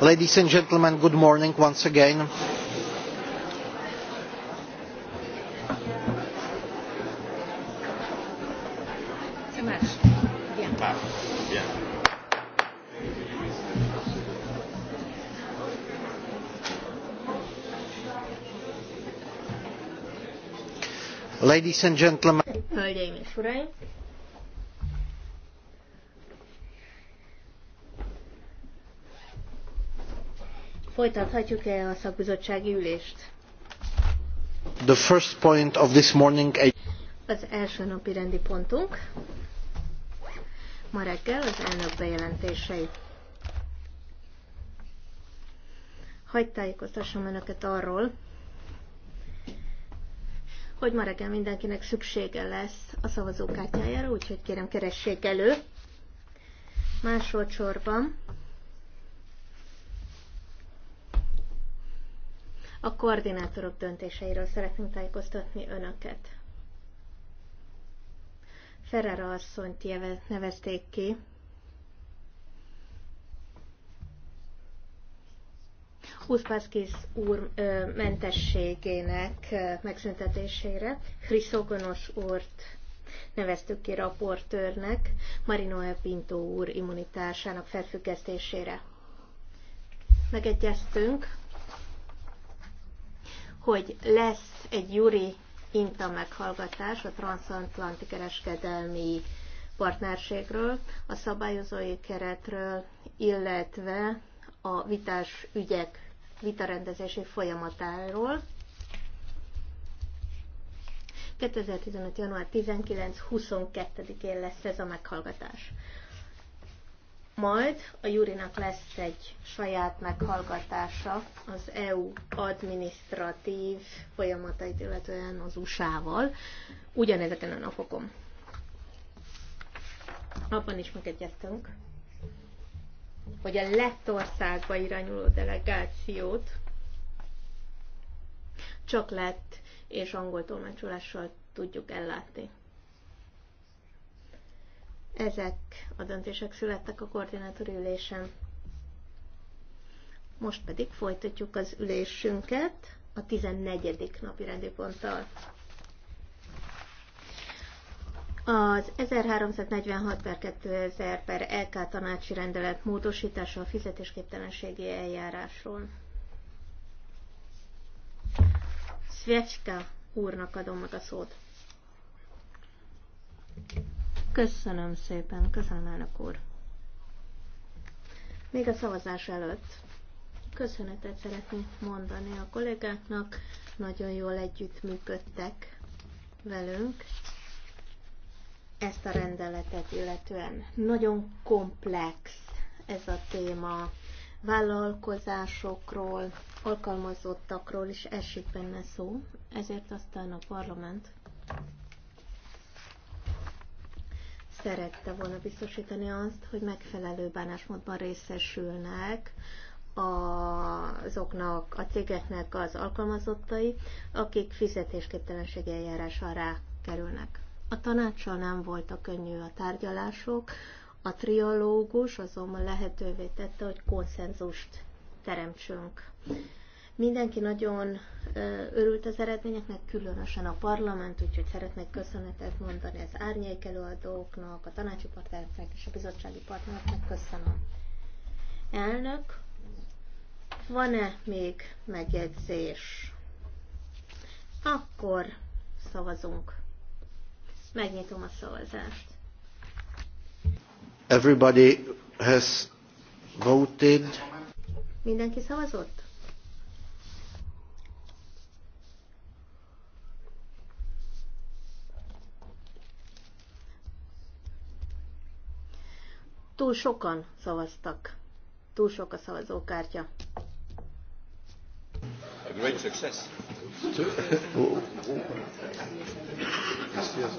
Ladies and gentlemen, good morning once again. Ah, Ladies and gentlemen. Hölgyeim és uraim. Folytathatjuk-e a szakbizottsági ülést? The first point of this morning... Az első napi rendi pontunk. Ma reggel az elnök bejelentései. Hagy tájékoztassam önöket arról, hogy ma reggel mindenkinek szüksége lesz a szavazókártyájára, úgyhogy kérem keressék elő. Másodszorban A koordinátorok döntéseiről szeretnénk tájékoztatni önöket. Ferrara asszonyt nevezték ki. Uszpászkis úr ö, mentességének ö, megszüntetésére Hriszogonos úrt neveztük ki raportőrnek Marino e Pinto úr immunitásának felfüggesztésére. Megegyeztünk, hogy lesz egy Juri Inta meghallgatás a transatlanti kereskedelmi partnerségről, a szabályozói keretről, illetve a vitás ügyek vitarendezési folyamatáról. 2015. január 19-22-én lesz ez a meghallgatás. Majd a Jurinak lesz egy saját meghallgatása az EU adminisztratív folyamatait, illetően az USA-val, ugyanezeken a napokon. Abban is megegyeztünk, hogy a Lettországba irányuló delegációt csak lett és angol tolmácsolással tudjuk ellátni. Ezek a döntések születtek a koordinátor ülésen. Most pedig folytatjuk az ülésünket a 14. napi rendi ponttal. Az 1346 per 2000 per LK tanácsi rendelet módosítása a fizetésképtelenségi eljárásról. Szvecska úrnak adom meg a szót. Köszönöm szépen, köszönöm elnök úr. Még a szavazás előtt köszönetet szeretnék mondani a kollégáknak, nagyon jól együttműködtek velünk ezt a rendeletet illetően. Nagyon komplex ez a téma, vállalkozásokról, alkalmazottakról is esik benne szó, ezért aztán a parlament szerette volna biztosítani azt, hogy megfelelő bánásmódban részesülnek azoknak a cégeknek az alkalmazottai, akik fizetésképtelenség eljárás alá kerülnek. A tanácssal nem voltak könnyű a tárgyalások, a triológus azonban lehetővé tette, hogy konszenzust teremtsünk. Mindenki nagyon örült az eredményeknek, különösen a parlament, úgyhogy szeretnék köszönetet mondani az árnyék előadóknak, a tanácsi partnereknek és a bizottsági partnereknek. Köszönöm. Elnök, van-e még megjegyzés? Akkor szavazunk. Megnyitom a szavazást. Everybody has voted. Mindenki szavazott? Túl sokan szavaztak. Túl sok a szavazókártya. A great success. yes, yes.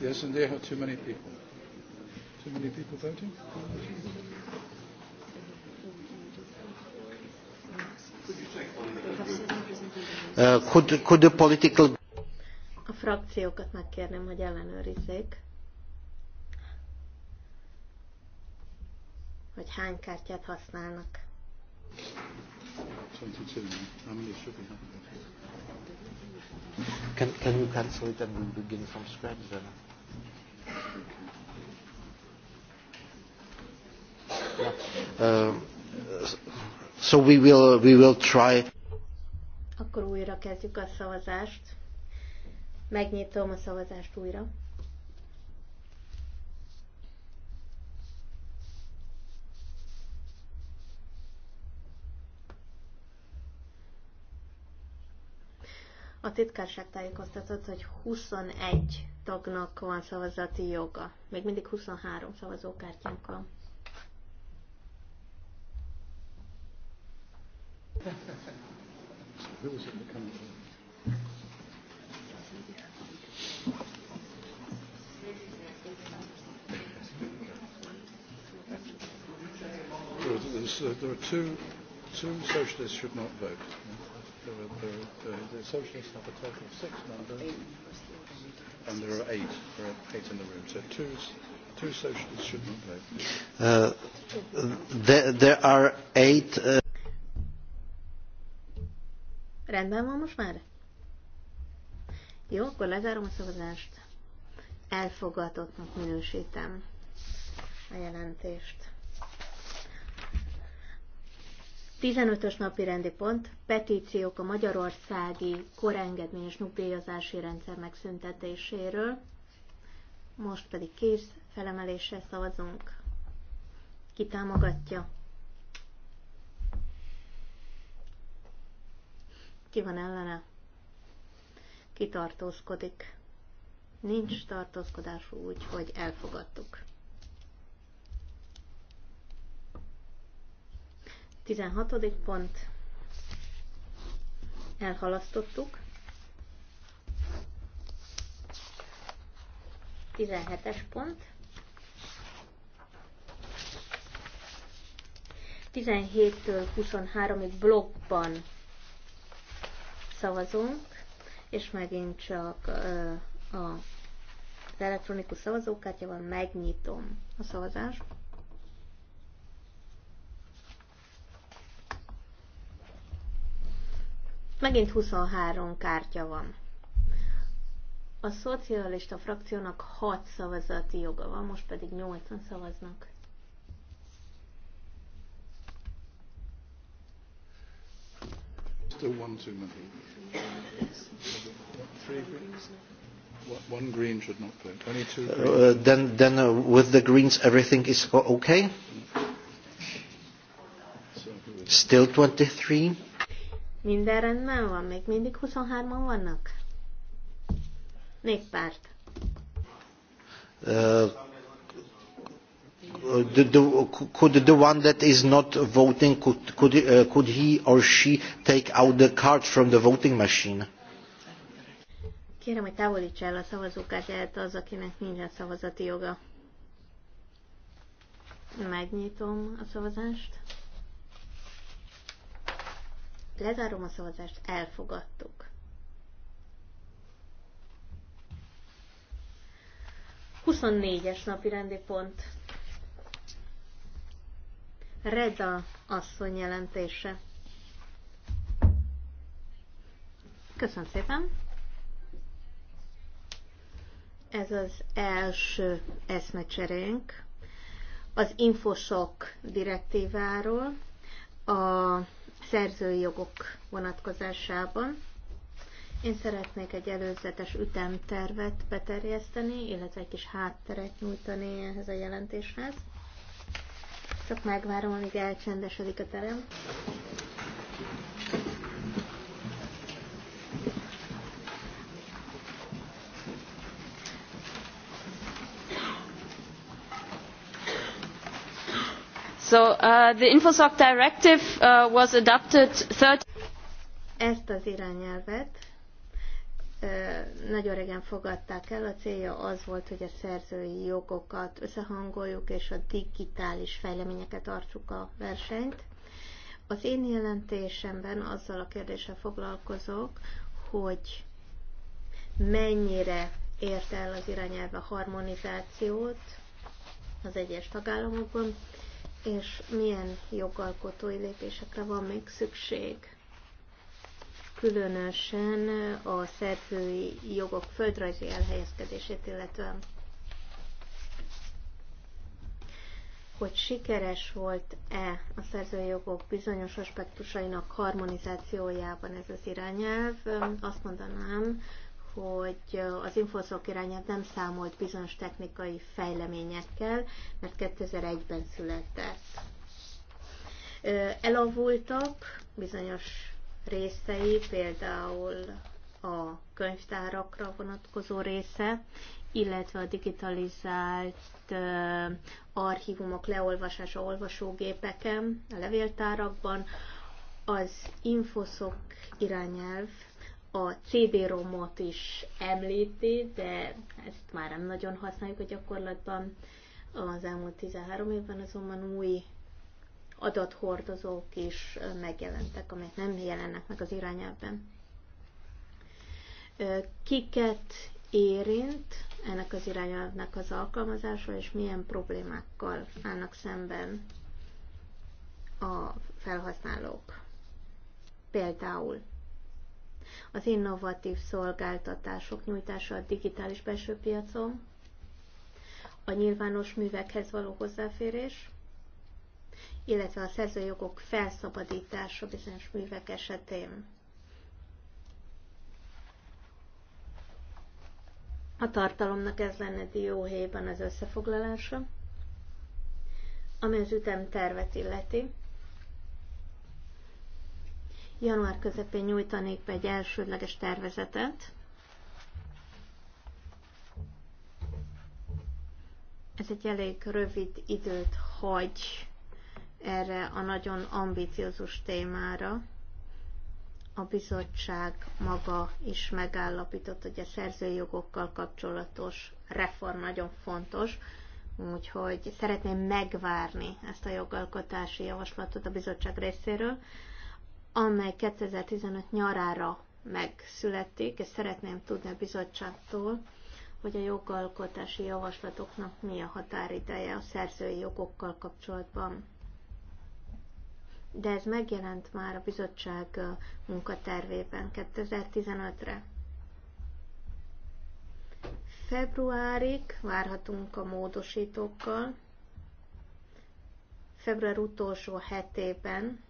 Yes, and they have too many people. Too many people voting? Uh, could, could the political... A frakciókat megkérném, hogy ellenőrizzék. hogy hány kártyát használnak. Can, can you cancel it and we'll begin from scratch then? Uh, so we will, we will try. Akkor újra kezdjük a szavazást. Megnyitom a szavazást újra. A titkárság tájékoztatott, hogy 21 tagnak van szavazati joga. Még mindig 23 szavazókártyánk van. There are uh, two, two socialists should not vote. Yeah? There are, there are, the socialists have a total of six members, and there are eight. There are eight in the room. So two, two socialists should not vote. Uh, there, there are eight. Uh... Rendben van most már? Jó, akkor lezárom a szavazást. Elfogadottnak minősítem a jelentést. 15-ös napi rendi pont, petíciók a magyarországi korengedményes nyugdíjazási rendszer megszüntetéséről. Most pedig kész felemelésre szavazunk. Ki támogatja? Ki van ellene? Ki tartózkodik? Nincs tartózkodás úgy, hogy elfogadtuk. 16. pont. Elhalasztottuk. 17-es pont. 17-től 23-ig blokkban szavazunk, és megint csak a, a, az elektronikus szavazókártyával megnyitom a szavazást. Megint 23 kártya van. A szocialista frakciónak 6 szavazati joga van, most pedig 80 szavaznak. Still one too many. Three greens. One green should not vote. Only two uh, greens. Uh, then, then uh, with the greens, everything is okay. Still 23. Minden rendben van? Még mindig 23-an vannak? Néppárt. Uh, the, the, could the one that is not voting, could, could, uh, could he or she take out the card from the voting machine? Kérem, hogy távolítsa el a szavazókártyáját az, akinek nincsen szavazati joga. Megnyitom a szavazást. Lezárom a szavazást, elfogadtuk. 24-es napi rendi pont. Reda asszony jelentése. Köszönöm szépen. Ez az első eszmecserénk az infosok direktíváról, a szerzői jogok vonatkozásában. Én szeretnék egy előzetes ütemtervet beterjeszteni, illetve egy kis hátteret nyújtani ehhez a jelentéshez. Csak megvárom, amíg elcsendesedik a terem. So uh, the Infosoc directive uh, was adopted 30 Ezt az irányelvet nagyon régen fogadták el. A célja az volt, hogy a szerzői jogokat összehangoljuk, és a digitális fejleményeket tartsuk a versenyt. Az én jelentésemben azzal a kérdéssel foglalkozok, hogy mennyire ért el az irányelve harmonizációt az egyes tagállamokban, és milyen jogalkotói lépésekre van még szükség. Különösen a szerzői jogok földrajzi elhelyezkedését illetően. hogy sikeres volt-e a szerzői jogok bizonyos aspektusainak harmonizációjában ez az irányelv, azt mondanám, hogy az infoszok irányát nem számolt bizonyos technikai fejleményekkel, mert 2001-ben született. Elavultak bizonyos részei, például a könyvtárakra vonatkozó része, illetve a digitalizált archívumok leolvasása olvasógépeken, a levéltárakban, az infoszok irányelv a CD-romot is említi, de ezt már nem nagyon használjuk a gyakorlatban. Az elmúlt 13 évben azonban új adathordozók is megjelentek, amelyek nem jelennek meg az irányelvben. Kiket érint ennek az irányelvnek az alkalmazása, és milyen problémákkal állnak szemben a felhasználók? Például az innovatív szolgáltatások nyújtása a digitális belső piacon, a nyilvános művekhez való hozzáférés, illetve a szerzőjogok felszabadítása bizonyos művek esetén. A tartalomnak ez lenne dióhéjban az összefoglalása, ami az ütemtervet illeti január közepén nyújtanék be egy elsődleges tervezetet. Ez egy elég rövid időt hagy erre a nagyon ambiciózus témára. A bizottság maga is megállapított, hogy a szerzőjogokkal kapcsolatos reform nagyon fontos, úgyhogy szeretném megvárni ezt a jogalkotási javaslatot a bizottság részéről, amely 2015 nyarára megszületik, és szeretném tudni a bizottságtól, hogy a jogalkotási javaslatoknak mi a határideje a szerzői jogokkal kapcsolatban. De ez megjelent már a bizottság munkatervében 2015-re. Februárig várhatunk a módosítókkal. Február utolsó hetében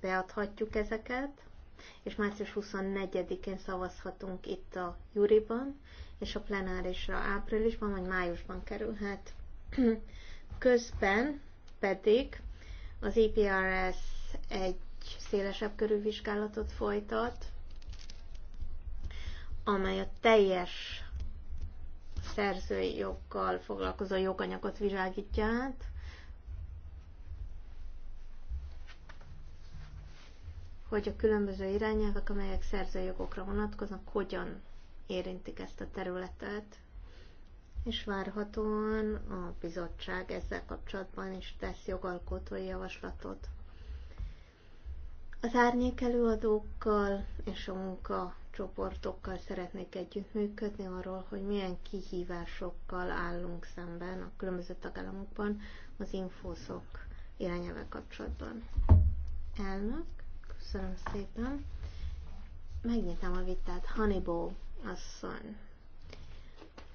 beadhatjuk ezeket, és március 24-én szavazhatunk itt a júriban, és a plenárisra áprilisban vagy májusban kerülhet. Közben pedig az EPRS egy szélesebb körű vizsgálatot folytat, amely a teljes szerzői joggal foglalkozó joganyagot vizsgálja át, hogy a különböző irányelvek, amelyek szerzőjogokra vonatkoznak, hogyan érintik ezt a területet, és várhatóan a bizottság ezzel kapcsolatban is tesz jogalkotói javaslatot. Az árnyékelőadókkal és a munkacsoportokkal szeretnék együttműködni arról, hogy milyen kihívásokkal állunk szemben a különböző tagállamokban az infoszok irányelve kapcsolatban. Elnök. Köszönöm szépen. Megnyitom a vitát. Hanibó asszony.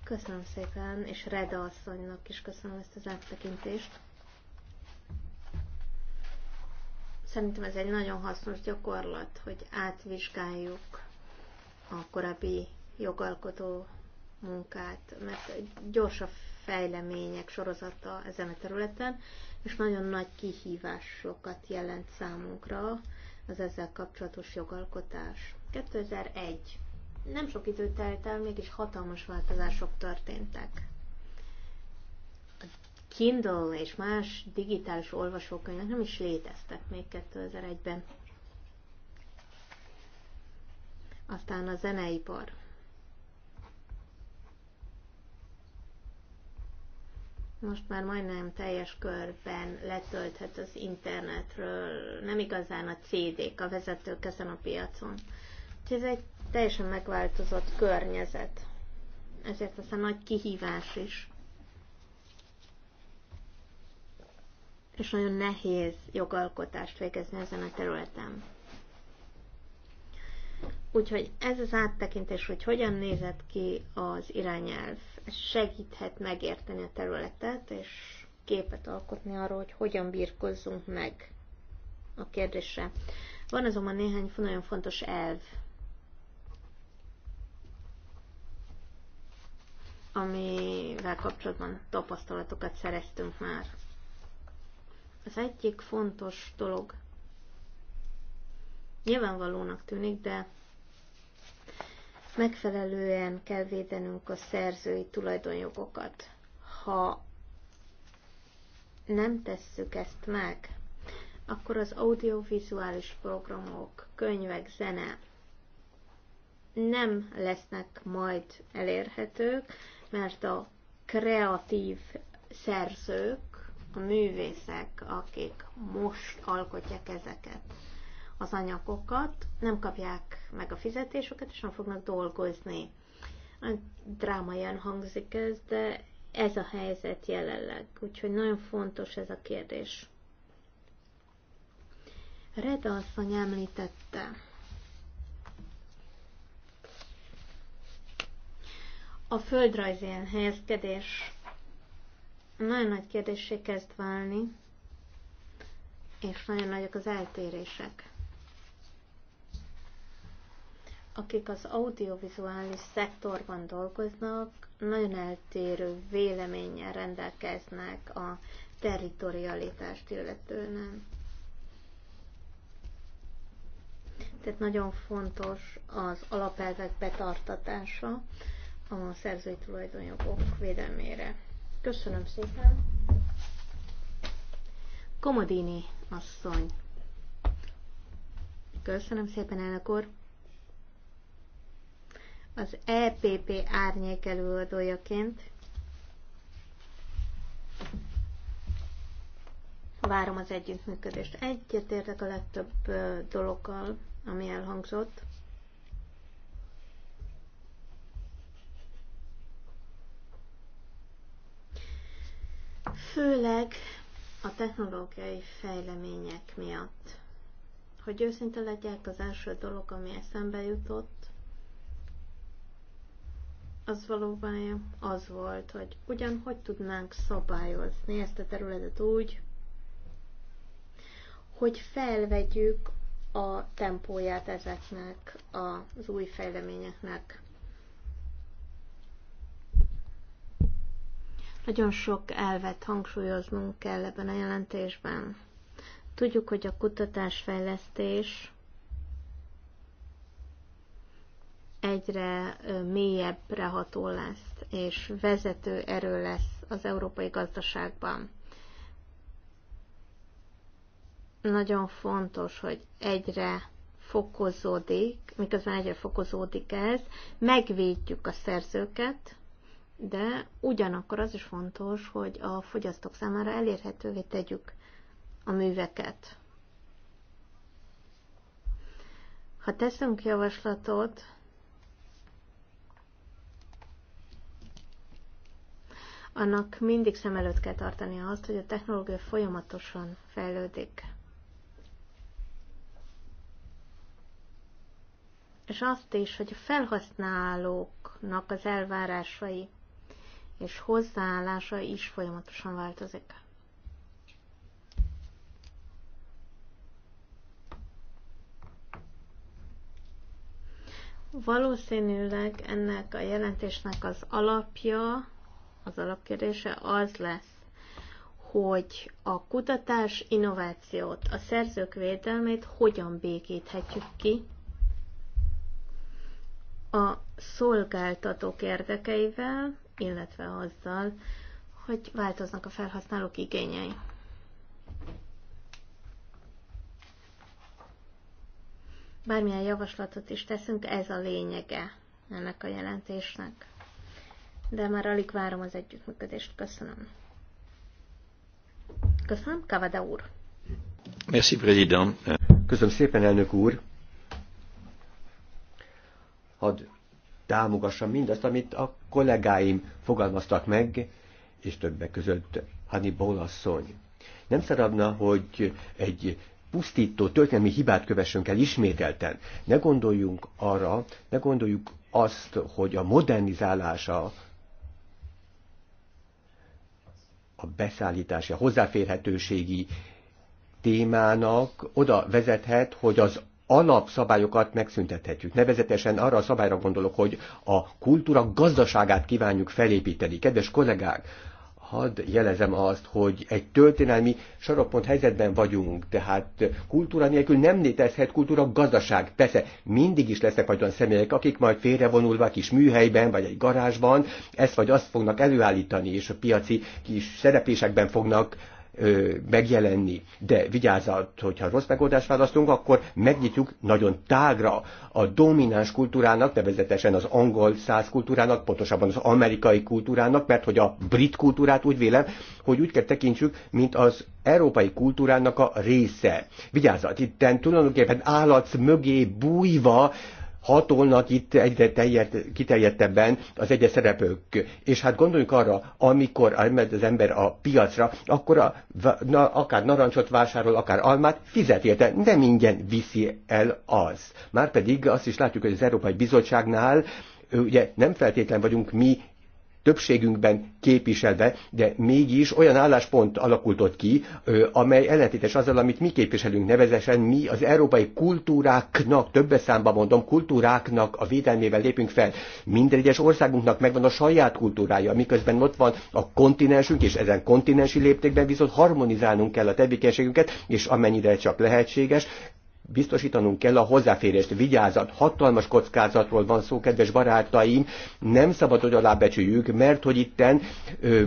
Köszönöm szépen, és Reda asszonynak is köszönöm ezt az áttekintést. Szerintem ez egy nagyon hasznos gyakorlat, hogy átvizsgáljuk a korábbi jogalkotó munkát, mert gyors a fejlemények sorozata ezen a területen, és nagyon nagy kihívásokat jelent számunkra az ezzel kapcsolatos jogalkotás. 2001. Nem sok idő telt el, mégis hatalmas változások történtek. A Kindle és más digitális olvasókönyvek nem is léteztek még 2001-ben. Aztán a zeneipar. most már majdnem teljes körben letölthet az internetről, nem igazán a CD-k, a vezetők ezen a piacon. Úgyhogy ez egy teljesen megváltozott környezet. Ezért aztán nagy kihívás is. És nagyon nehéz jogalkotást végezni ezen a területen. Úgyhogy ez az áttekintés, hogy hogyan nézett ki az irányelv, ez segíthet megérteni a területet, és képet alkotni arról, hogy hogyan birkozzunk meg a kérdésre. Van azonban néhány nagyon fontos elv, amivel kapcsolatban tapasztalatokat szereztünk már. Az egyik fontos dolog nyilvánvalónak tűnik, de megfelelően kell védenünk a szerzői tulajdonjogokat. Ha nem tesszük ezt meg, akkor az audiovizuális programok, könyvek, zene nem lesznek majd elérhetők, mert a kreatív szerzők, a művészek, akik most alkotják ezeket, az anyagokat, nem kapják meg a fizetésüket, és nem fognak dolgozni. Drámaian hangzik ez, de ez a helyzet jelenleg, úgyhogy nagyon fontos ez a kérdés. Reda asszony említette, a földrajzi helyezkedés nagyon nagy kérdésé kezd válni, és nagyon nagyok az eltérések akik az audiovizuális szektorban dolgoznak, nagyon eltérő véleménnyel rendelkeznek a territorialitást illetően. Tehát nagyon fontos az alapelvek betartatása a szerzői tulajdonjogok védelmére. Köszönöm szépen! Komodini asszony. Köszönöm szépen, elnök úr! az EPP árnyék előadójaként várom az együttműködést. Egyetértek a legtöbb dologgal, ami elhangzott. Főleg a technológiai fejlemények miatt. Hogy őszinte legyek, az első dolog, ami eszembe jutott, az valóban az volt, hogy ugyan hogy tudnánk szabályozni ezt a területet úgy, hogy felvegyük a tempóját ezeknek az új fejleményeknek. Nagyon sok elvet hangsúlyoznunk kell ebben a jelentésben. Tudjuk, hogy a kutatásfejlesztés egyre mélyebbre ható lesz, és vezető erő lesz az európai gazdaságban. Nagyon fontos, hogy egyre fokozódik, miközben egyre fokozódik ez, megvédjük a szerzőket, de ugyanakkor az is fontos, hogy a fogyasztók számára elérhetővé tegyük a műveket. Ha teszünk javaslatot, annak mindig szem előtt kell tartani azt, hogy a technológia folyamatosan fejlődik. És azt is, hogy a felhasználóknak az elvárásai és hozzáállása is folyamatosan változik. Valószínűleg ennek a jelentésnek az alapja az alapkérdése az lesz, hogy a kutatás innovációt, a szerzők védelmét hogyan békíthetjük ki a szolgáltatók érdekeivel, illetve azzal, hogy változnak a felhasználók igényei. Bármilyen javaslatot is teszünk, ez a lényege ennek a jelentésnek de már alig várom az együttműködést. Köszönöm. Köszönöm, Kavada úr. Merci, président. Köszönöm szépen, elnök úr. Hadd támogassam mindazt, amit a kollégáim fogalmaztak meg, és többek között Hani Bolasszony. Nem szabadna, hogy egy pusztító történelmi hibát kövessünk el ismételten. Ne gondoljunk arra, ne gondoljuk azt, hogy a modernizálása a beszállítási, a hozzáférhetőségi témának oda vezethet, hogy az alapszabályokat megszüntethetjük. Nevezetesen arra a szabályra gondolok, hogy a kultúra gazdaságát kívánjuk felépíteni. Kedves kollégák, hadd jelezem azt, hogy egy történelmi sarokpont helyzetben vagyunk, tehát kultúra nélkül nem létezhet kultúra gazdaság. Persze mindig is lesznek olyan személyek, akik majd félrevonulva kis műhelyben vagy egy garázsban ezt vagy azt fognak előállítani, és a piaci kis szereplésekben fognak ö, megjelenni. De vigyázzat, hogyha rossz megoldást választunk, akkor megnyitjuk nagyon tágra a domináns kultúrának, nevezetesen az angol száz kultúrának, pontosabban az amerikai kultúrának, mert hogy a brit kultúrát úgy vélem, hogy úgy kell tekintsük, mint az európai kultúrának a része. Vigyázzat, itt tulajdonképpen állatsz mögé bújva hatolnak itt egyre teljed, kiterjedtebben az egyes szereplők. És hát gondoljunk arra, amikor elmegy az ember a piacra, akkor a, na, akár narancsot vásárol, akár almát, fizet érte, nem ingyen viszi el az. Márpedig azt is látjuk, hogy az Európai Bizottságnál ugye nem feltétlen vagyunk mi többségünkben képviselve, de mégis olyan álláspont alakult ott ki, amely ellentétes azzal, amit mi képviselünk nevezesen, mi az európai kultúráknak, többes számban mondom, kultúráknak a védelmével lépünk fel. Minden egyes országunknak megvan a saját kultúrája, miközben ott van a kontinensünk, és ezen kontinensi léptékben viszont harmonizálnunk kell a tevékenységünket, és amennyire csak lehetséges, biztosítanunk kell a hozzáférést. Vigyázat, hatalmas kockázatról van szó, kedves barátaim, nem szabad, hogy alábecsüljük, mert hogy itten ö,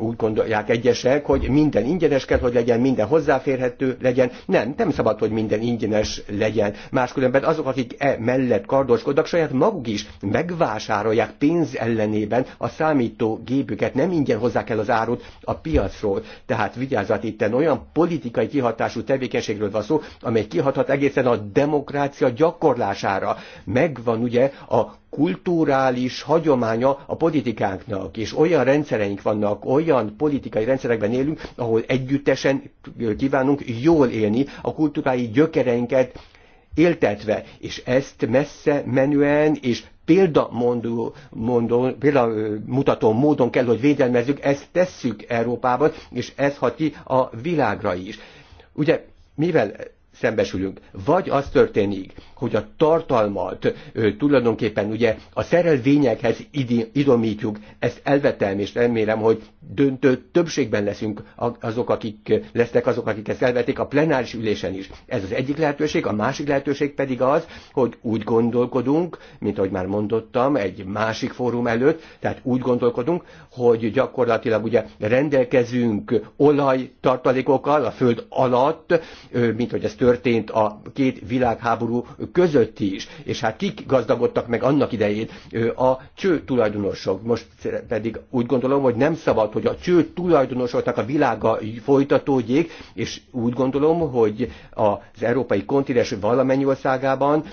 úgy gondolják egyesek, hogy minden ingyenes kell, hogy legyen, minden hozzáférhető legyen. Nem, nem szabad, hogy minden ingyenes legyen. Máskülönben azok, akik e mellett kardoskodnak, saját maguk is megvásárolják pénz ellenében a gépüket. Nem ingyen hozzá kell az árut a piacról. Tehát vigyázat, itt olyan politikai kihatású tevékenységről van szó, amely kihathat egészen a demokrácia gyakorlására. Megvan ugye a kulturális hagyománya a politikánknak, és olyan rendszereink vannak, olyan olyan politikai rendszerekben élünk, ahol együttesen kívánunk jól élni, a kultúrái gyökereinket éltetve, és ezt messze menően és példamondó, mondó, példamutató módon kell, hogy védelmezzük, ezt tesszük Európában, és ez hat ki a világra is. Ugye, mivel szembesülünk? Vagy az történik, hogy a tartalmat tulajdonképpen ugye a szerelvényekhez idomítjuk, ezt elvetem, és remélem, hogy döntő többségben leszünk azok, akik lesznek azok, akik ezt elvetik a plenáris ülésen is. Ez az egyik lehetőség, a másik lehetőség pedig az, hogy úgy gondolkodunk, mint ahogy már mondottam, egy másik fórum előtt, tehát úgy gondolkodunk, hogy gyakorlatilag ugye rendelkezünk olajtartalékokkal a föld alatt, mint hogy ez történt a két világháború között is, és hát kik gazdagodtak meg annak idején a cső tulajdonosok. Most pedig úgy gondolom, hogy nem szabad, hogy a cső tulajdonosoknak a világa folytatódjék, és úgy gondolom, hogy az európai kontinens valamennyi országában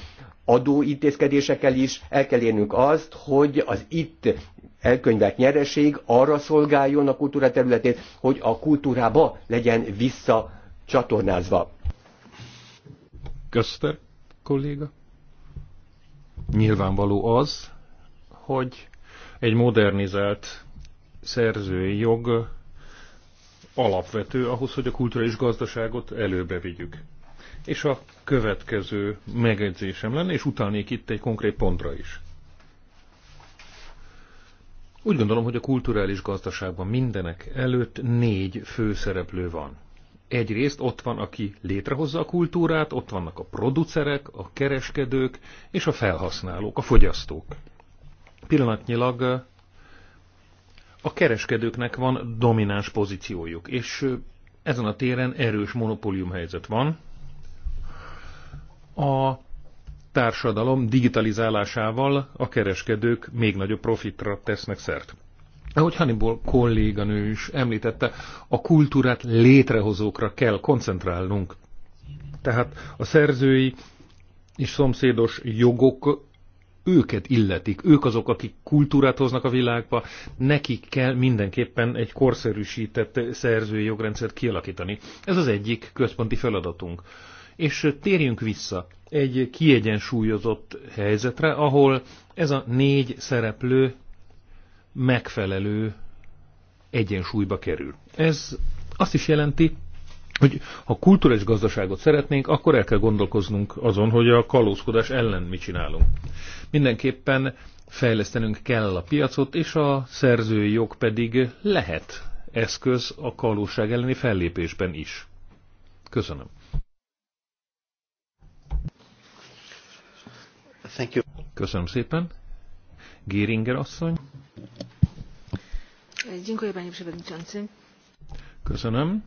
adóintézkedésekkel is el kell érnünk azt, hogy az itt elkönyvelt nyereség arra szolgáljon a kultúra területét, hogy a kultúrába legyen visszacsatornázva. Köszönöm kolléga. Nyilvánvaló az, hogy egy modernizált szerzői jog alapvető ahhoz, hogy a kulturális gazdaságot előbe vigyük. És a következő megjegyzésem lenne, és utalnék itt egy konkrét pontra is. Úgy gondolom, hogy a kulturális gazdaságban mindenek előtt négy főszereplő van egyrészt ott van, aki létrehozza a kultúrát, ott vannak a producerek, a kereskedők és a felhasználók, a fogyasztók. Pillanatnyilag a kereskedőknek van domináns pozíciójuk, és ezen a téren erős monopólium helyzet van. A társadalom digitalizálásával a kereskedők még nagyobb profitra tesznek szert. Ahogy Hannibal kolléganő is említette, a kultúrát létrehozókra kell koncentrálnunk. Tehát a szerzői és szomszédos jogok őket illetik, ők azok, akik kultúrát hoznak a világba, nekik kell mindenképpen egy korszerűsített szerzői jogrendszert kialakítani. Ez az egyik központi feladatunk. És térjünk vissza egy kiegyensúlyozott helyzetre, ahol ez a négy szereplő megfelelő egyensúlyba kerül. Ez azt is jelenti, hogy ha kulturális gazdaságot szeretnénk, akkor el kell gondolkoznunk azon, hogy a kalózkodás ellen mit csinálunk. Mindenképpen fejlesztenünk kell a piacot, és a szerzői jog pedig lehet eszköz a kalóság elleni fellépésben is. Köszönöm. Thank you. Köszönöm szépen. Géringer asszony. Dziękuję, panie przewodniczący. Köszönöm.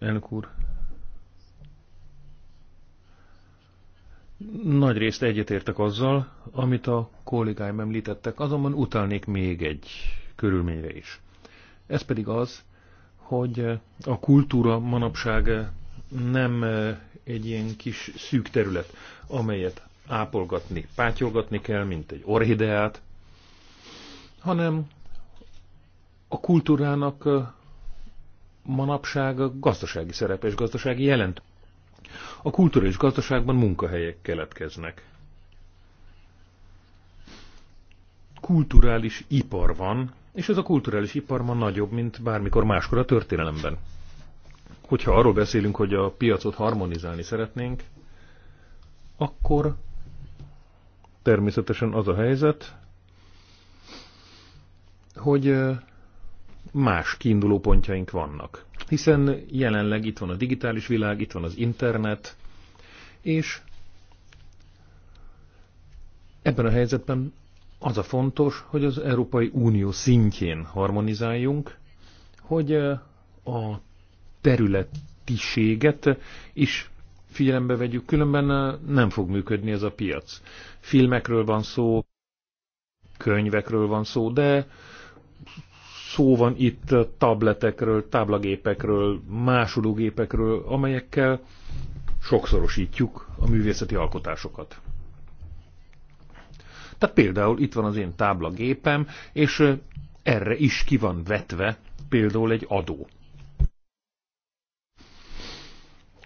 Elnök úr. Nagy részt egyetértek azzal, amit a kollégáim említettek, azonban utalnék még egy körülményre is. Ez pedig az, hogy a kultúra manapság nem egy ilyen kis szűk terület, amelyet ápolgatni, pátyolgatni kell, mint egy orhideát, hanem a kultúrának manapság a gazdasági szerepe és gazdasági jelent. A kultúra és gazdaságban munkahelyek keletkeznek. Kulturális ipar van, és ez a kulturális ipar ma nagyobb, mint bármikor máskor a történelemben. Hogyha arról beszélünk, hogy a piacot harmonizálni szeretnénk, akkor természetesen az a helyzet, hogy más kiinduló pontjaink vannak. Hiszen jelenleg itt van a digitális világ, itt van az internet, és ebben a helyzetben az a fontos, hogy az Európai Unió szintjén harmonizáljunk, hogy a területiséget is figyelembe vegyük, különben nem fog működni ez a piac. Filmekről van szó, könyvekről van szó, de szó van itt tabletekről, táblagépekről, másológépekről, amelyekkel sokszorosítjuk a művészeti alkotásokat. Tehát például itt van az én táblagépem, és erre is ki van vetve például egy adó.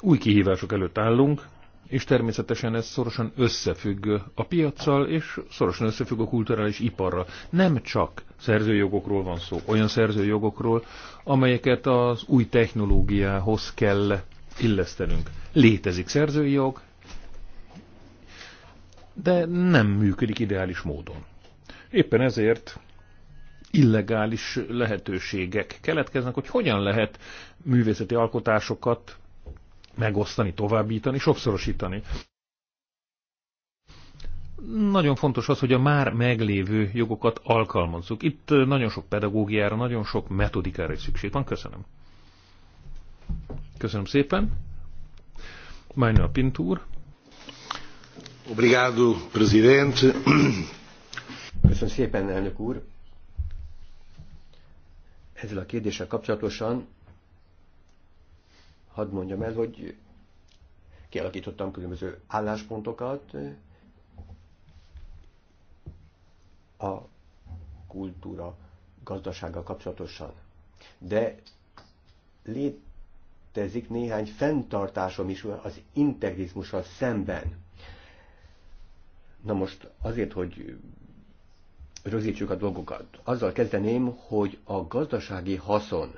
Új kihívások előtt állunk, és természetesen ez szorosan összefügg a piaccal, és szorosan összefügg a kulturális iparra. Nem csak szerzőjogokról van szó, olyan szerzőjogokról, amelyeket az új technológiához kell illesztenünk. Létezik szerzői jog, de nem működik ideális módon. Éppen ezért illegális lehetőségek keletkeznek, hogy hogyan lehet művészeti alkotásokat megosztani, továbbítani, sokszorosítani. Nagyon fontos az, hogy a már meglévő jogokat alkalmazzuk. Itt nagyon sok pedagógiára, nagyon sok metodikára is szükség van. Köszönöm. Köszönöm szépen. a Pintúr. Obrigado, president. Köszönöm szépen, elnök úr. Ezzel a kérdéssel kapcsolatosan hadd mondjam el, hogy kialakítottam különböző álláspontokat a kultúra gazdasággal kapcsolatosan. De létezik néhány fenntartásom is az integrizmussal szemben. Na most azért, hogy rögzítsük a dolgokat, azzal kezdeném, hogy a gazdasági haszon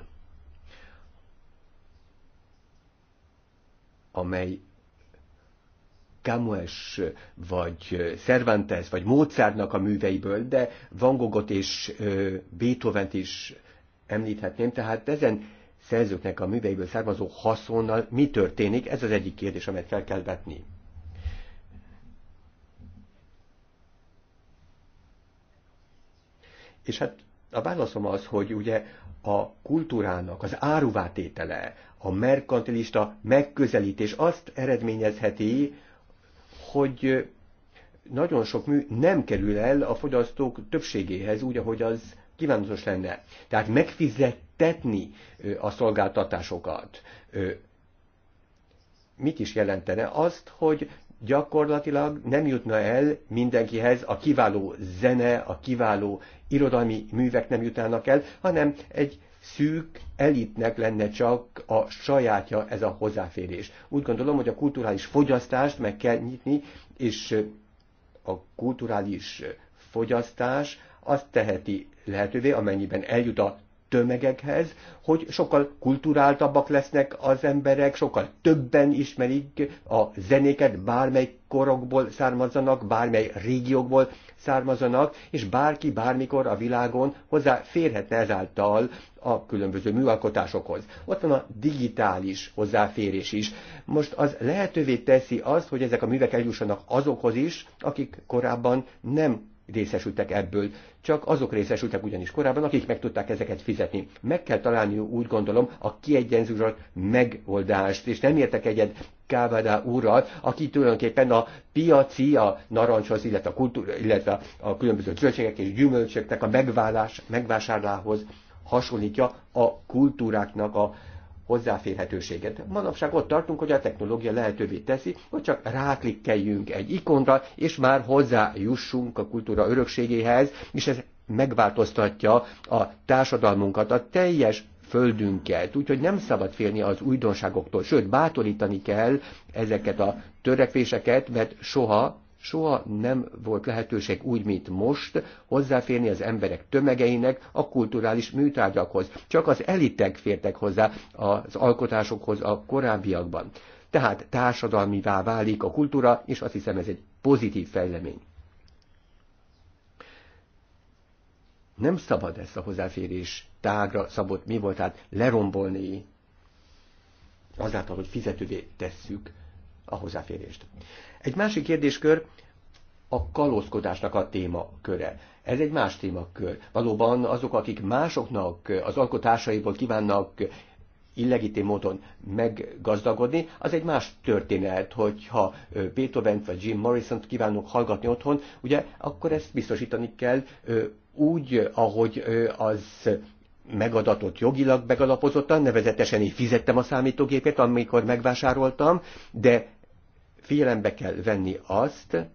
amely Camus, vagy Cervantes, vagy Mozartnak a műveiből, de Van Goghot és t is említhetném, tehát ezen szerzőknek a műveiből származó haszonnal mi történik? Ez az egyik kérdés, amelyet fel kell vetni. És hát a válaszom az, hogy ugye a kultúrának az áruvátétele, a merkantilista megközelítés azt eredményezheti, hogy nagyon sok mű nem kerül el a fogyasztók többségéhez, úgy, ahogy az kívánatos lenne. Tehát megfizettetni a szolgáltatásokat. Mit is jelentene? Azt, hogy gyakorlatilag nem jutna el mindenkihez a kiváló zene, a kiváló irodalmi művek nem jutnának el, hanem egy szűk elitnek lenne csak a sajátja ez a hozzáférés. Úgy gondolom, hogy a kulturális fogyasztást meg kell nyitni, és a kulturális fogyasztás azt teheti lehetővé, amennyiben eljut a tömegekhez, hogy sokkal kulturáltabbak lesznek az emberek, sokkal többen ismerik a zenéket, bármely korokból származanak, bármely régiókból származanak, és bárki bármikor a világon hozzáférhetne ezáltal a különböző műalkotásokhoz. Ott van a digitális hozzáférés is. Most az lehetővé teszi azt, hogy ezek a művek eljussanak azokhoz is, akik korábban nem részesültek ebből, csak azok részesültek ugyanis korábban, akik meg tudták ezeket fizetni. Meg kell találni úgy gondolom a kiegyensúlyozott megoldást, és nem értek egyet Kávada úrral, aki tulajdonképpen a piaci, a narancshoz, illetve a, kultúra, illetve a különböző zöldségek és gyümölcsöknek a megvásárlához hasonlítja a kultúráknak a hozzáférhetőséget. Manapság ott tartunk, hogy a technológia lehetővé teszi, hogy csak ráklikkeljünk egy ikonra, és már hozzájussunk a kultúra örökségéhez, és ez megváltoztatja a társadalmunkat, a teljes földünket, úgyhogy nem szabad félni az újdonságoktól, sőt, bátorítani kell ezeket a törekvéseket, mert soha soha nem volt lehetőség úgy, mint most hozzáférni az emberek tömegeinek a kulturális műtárgyakhoz. Csak az elitek fértek hozzá az alkotásokhoz a korábbiakban. Tehát társadalmivá válik a kultúra, és azt hiszem ez egy pozitív fejlemény. Nem szabad ezt a hozzáférés tágra szabott mi volt, tehát lerombolni azáltal, hogy fizetővé tesszük a hozzáférést. Egy másik kérdéskör a kalózkodásnak a témaköre. Ez egy más témakör. Valóban azok, akik másoknak az alkotásaiból kívánnak illegitim módon meggazdagodni, az egy más történet, hogyha beethoven vagy Jim morrison kívánunk hallgatni otthon, ugye akkor ezt biztosítani kell úgy, ahogy az megadatott jogilag megalapozottan, nevezetesen én fizettem a számítógépet, amikor megvásároltam, de figyelembe kell venni azt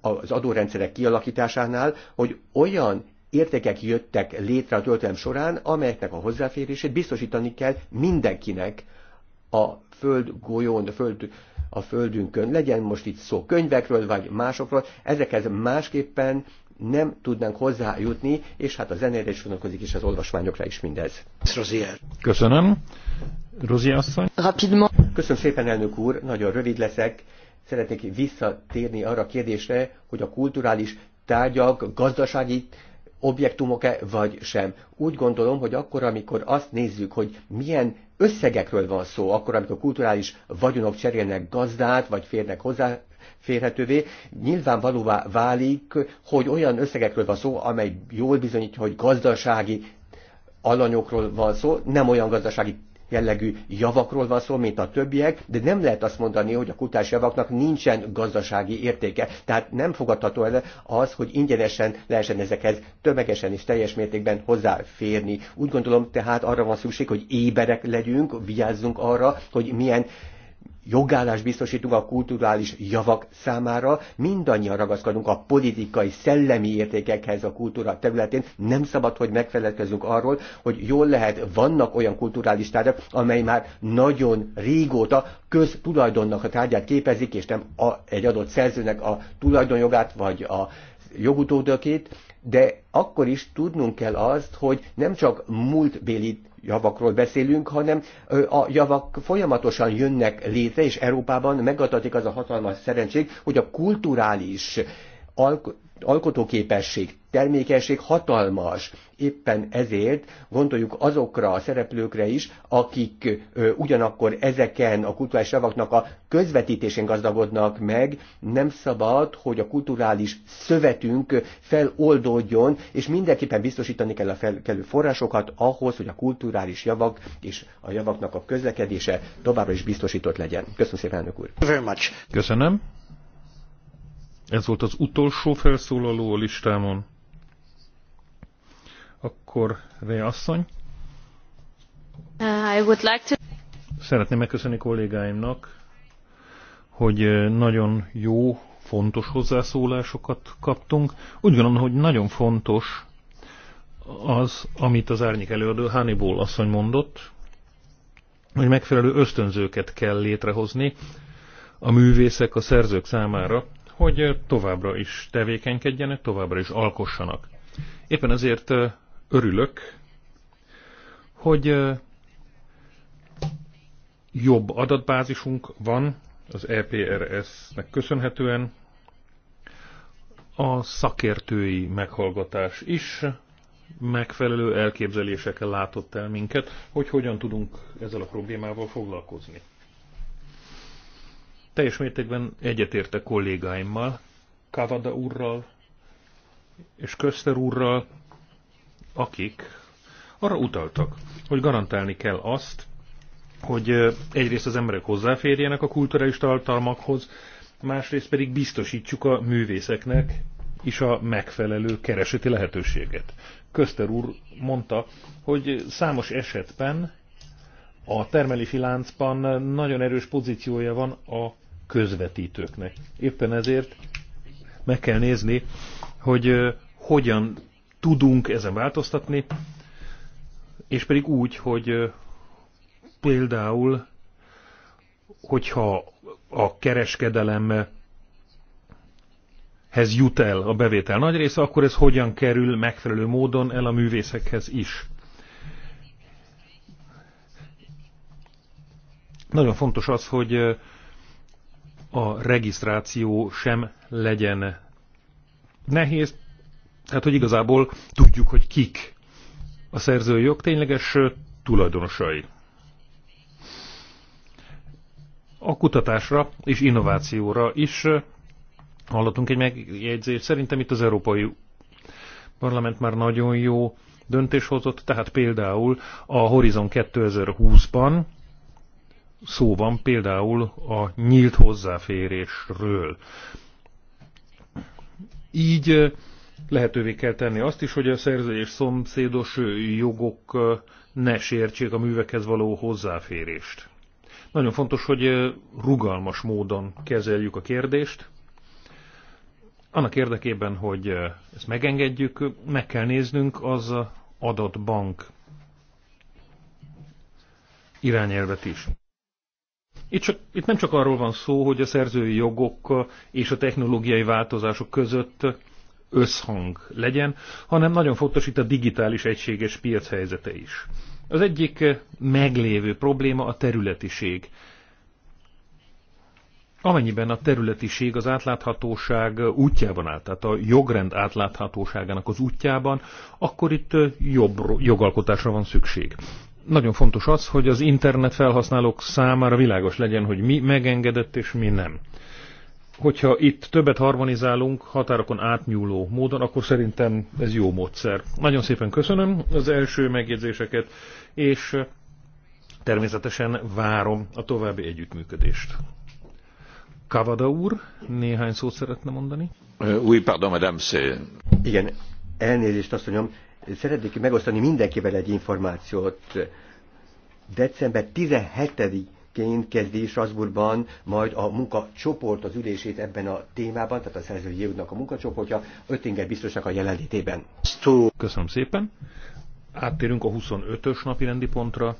az adórendszerek kialakításánál, hogy olyan értékek jöttek létre a történelem során, amelyeknek a hozzáférését biztosítani kell mindenkinek a föld golyón, a föld, a földünkön. Legyen most itt szó könyvekről, vagy másokról, ezekhez másképpen nem tudnánk hozzájutni, és hát a zenére is vonatkozik, és az olvasmányokra is mindez. Köszönöm. Rozi asszony. Rapidement. Köszönöm szépen, elnök úr, nagyon rövid leszek. Szeretnék visszatérni arra a kérdésre, hogy a kulturális tárgyak gazdasági objektumok-e vagy sem. Úgy gondolom, hogy akkor, amikor azt nézzük, hogy milyen összegekről van szó, akkor, amikor kulturális vagyonok cserélnek gazdát, vagy férnek hozzá férhetővé, nyilvánvalóvá válik, hogy olyan összegekről van szó, amely jól bizonyítja, hogy gazdasági alanyokról van szó, nem olyan gazdasági jellegű javakról van szó, mint a többiek, de nem lehet azt mondani, hogy a kutatásjavaknak nincsen gazdasági értéke. Tehát nem fogadható el az, hogy ingyenesen lehessen ezekhez tömegesen és teljes mértékben hozzáférni. Úgy gondolom tehát arra van szükség, hogy éberek legyünk, vigyázzunk arra, hogy milyen jogállást biztosítunk a kulturális javak számára, mindannyian ragaszkodunk a politikai, szellemi értékekhez a kultúra területén, nem szabad, hogy megfeledkezzünk arról, hogy jól lehet, vannak olyan kulturális tárgyak, amely már nagyon régóta köztulajdonnak a tárgyát képezik, és nem a, egy adott szerzőnek a tulajdonjogát, vagy a jogutódökét, de akkor is tudnunk kell azt, hogy nem csak múltbéli javakról beszélünk, hanem a javak folyamatosan jönnek létre, és Európában megadatik az a hatalmas szerencség, hogy a kulturális alkotóképesség, termékenység hatalmas. Éppen ezért gondoljuk azokra a szereplőkre is, akik ugyanakkor ezeken a kulturális javaknak a közvetítésén gazdagodnak meg, nem szabad, hogy a kulturális szövetünk feloldódjon, és mindenképpen biztosítani kell a kellő forrásokat ahhoz, hogy a kulturális javak és a javaknak a közlekedése továbbra is biztosított legyen. Köszönöm szépen, elnök úr! Köszönöm. Ez volt az utolsó felszólaló a listámon. Akkor Vej asszony. Uh, I would like to... Szeretném megköszönni kollégáimnak, hogy uh, nagyon jó, fontos hozzászólásokat kaptunk. Úgy gondolom, hogy nagyon fontos az, amit az árnyék előadó Hannibal asszony mondott, hogy megfelelő ösztönzőket kell létrehozni a művészek, a szerzők számára, hogy továbbra is tevékenykedjenek, továbbra is alkossanak. Éppen ezért örülök, hogy jobb adatbázisunk van az EPRS-nek köszönhetően, a szakértői meghallgatás is megfelelő elképzelésekkel látott el minket, hogy hogyan tudunk ezzel a problémával foglalkozni. Teljes mértékben egyetértek kollégáimmal, Kavada úrral és Köszter úrral, akik arra utaltak, hogy garantálni kell azt, hogy egyrészt az emberek hozzáférjenek a kulturális tartalmakhoz, másrészt pedig biztosítsuk a művészeknek is a megfelelő kereseti lehetőséget. Köszter úr mondta, hogy számos esetben a termelési láncban nagyon erős pozíciója van a közvetítőknek. Éppen ezért meg kell nézni, hogy hogyan tudunk ezen változtatni, és pedig úgy, hogy például, hogyha a kereskedelemhez jut el a bevétel nagy része, akkor ez hogyan kerül megfelelő módon el a művészekhez is. Nagyon fontos az, hogy a regisztráció sem legyen nehéz, tehát hogy igazából tudjuk, hogy kik a szerzőjog tényleges tulajdonosai. A kutatásra és innovációra is hallottunk egy megjegyzést. Szerintem itt az Európai Parlament már nagyon jó döntés hozott, tehát például a Horizon 2020-ban szó van például a nyílt hozzáférésről. Így lehetővé kell tenni azt is, hogy a szerződés szomszédos jogok ne sértsék a művekhez való hozzáférést. Nagyon fontos, hogy rugalmas módon kezeljük a kérdést. Annak érdekében, hogy ezt megengedjük, meg kell néznünk az adatbank irányelvet is. Itt, csak, itt nem csak arról van szó, hogy a szerzői jogok és a technológiai változások között összhang legyen, hanem nagyon fontos itt a digitális egységes piac helyzete is. Az egyik meglévő probléma a területiség. Amennyiben a területiség az átláthatóság útjában áll, tehát a jogrend átláthatóságának az útjában, akkor itt jobb jogalkotásra van szükség nagyon fontos az, hogy az internet felhasználók számára világos legyen, hogy mi megengedett és mi nem. Hogyha itt többet harmonizálunk határokon átnyúló módon, akkor szerintem ez jó módszer. Nagyon szépen köszönöm az első megjegyzéseket, és természetesen várom a további együttműködést. Kavada úr, néhány szót szeretne mondani? Uh, oui, pardon, madame, Igen, elnézést, azt mondjam, szeretnék megosztani mindenkivel egy információt. December 17 ként kezdi Strasbourgban majd a munkacsoport az ülését ebben a témában, tehát a szerzői jognak a munkacsoportja, Öttinger biztosnak a jelenlétében. Köszönöm szépen. Áttérünk a 25-ös napi rendi pontra,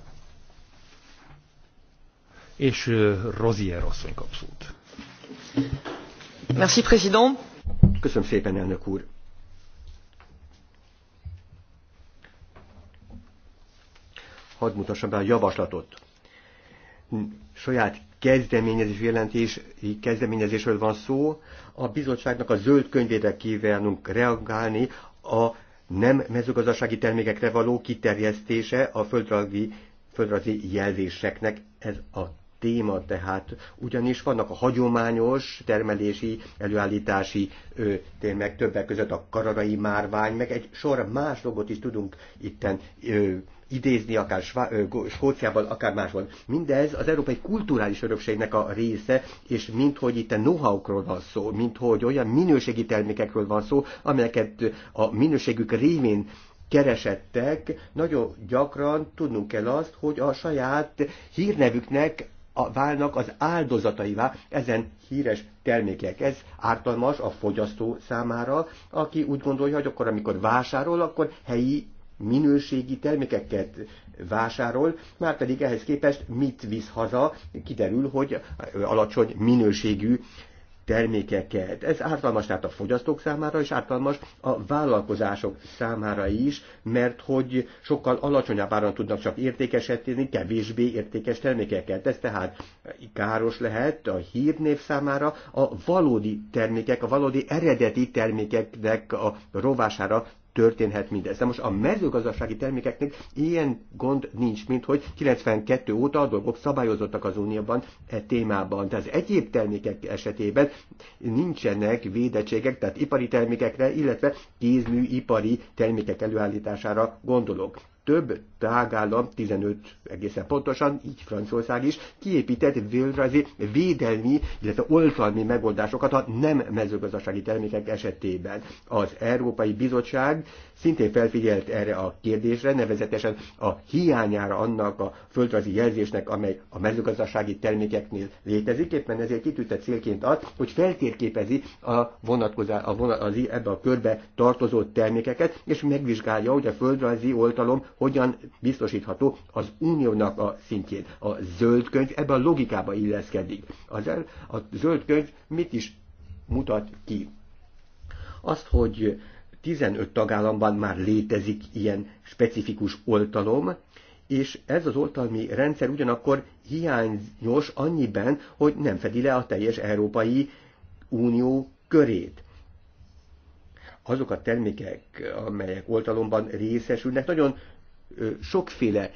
és Rozier asszony kap szót. Merci, président. Köszönöm szépen, elnök úr. hadd mutassam be a javaslatot. Saját kezdeményezés jelentés, kezdeményezésről van szó. A bizottságnak a zöld könyvére kívánunk reagálni a nem mezőgazdasági termékekre való kiterjesztése a földrajzi, földrajzi jelzéseknek. Ez a téma tehát, ugyanis vannak a hagyományos termelési, előállítási ö, témák, többek között a kararai márvány, meg egy sor más dolgot is tudunk itten ö, idézni, akár Svá- Skóciában, akár máshol. Mindez az európai kulturális örökségnek a része, és minthogy itt a know-how-król van szó, minthogy olyan minőségi termékekről van szó, amelyeket a minőségük révén keresettek, nagyon gyakran tudnunk kell azt, hogy a saját hírnevüknek a, válnak az áldozataivá ezen híres termékek. Ez ártalmas a fogyasztó számára, aki úgy gondolja, hogy akkor amikor vásárol, akkor helyi minőségi termékeket vásárol, már pedig ehhez képest mit visz haza, kiderül, hogy alacsony minőségű termékeket. Ez ártalmas tehát a fogyasztók számára, és ártalmas a vállalkozások számára is, mert hogy sokkal alacsonyabb áron tudnak csak értékesíteni kevésbé értékes termékeket. Ez tehát káros lehet a hírnév számára, a valódi termékek, a valódi eredeti termékeknek a rovására történhet mindez. De most a mezőgazdasági termékeknek ilyen gond nincs, mint hogy 92 óta a dolgok szabályozottak az Unióban e témában. Tehát az egyéb termékek esetében nincsenek védettségek, tehát ipari termékekre, illetve kézműipari termékek előállítására gondolok több tagállam, 15 egészen pontosan, így Franciaország is, kiépített vélrajzi védelmi, illetve oltalmi megoldásokat a nem mezőgazdasági termékek esetében. Az Európai Bizottság szintén felfigyelt erre a kérdésre, nevezetesen a hiányára annak a földrajzi jelzésnek, amely a mezőgazdasági termékeknél létezik, éppen ezért kitűzte célként az, hogy feltérképezi a vonatkozá, a vonat, az, ebbe a körbe tartozó termékeket, és megvizsgálja, hogy a földrajzi oltalom hogyan biztosítható az uniónak a szintjén. A zöld könyv ebbe a logikába illeszkedik. Az el, a zöld könyv mit is mutat ki? Azt, hogy 15 tagállamban már létezik ilyen specifikus oltalom, és ez az oltalmi rendszer ugyanakkor hiányos annyiben, hogy nem fedi le a teljes Európai Unió körét. Azok a termékek, amelyek oltalomban részesülnek, nagyon sokféle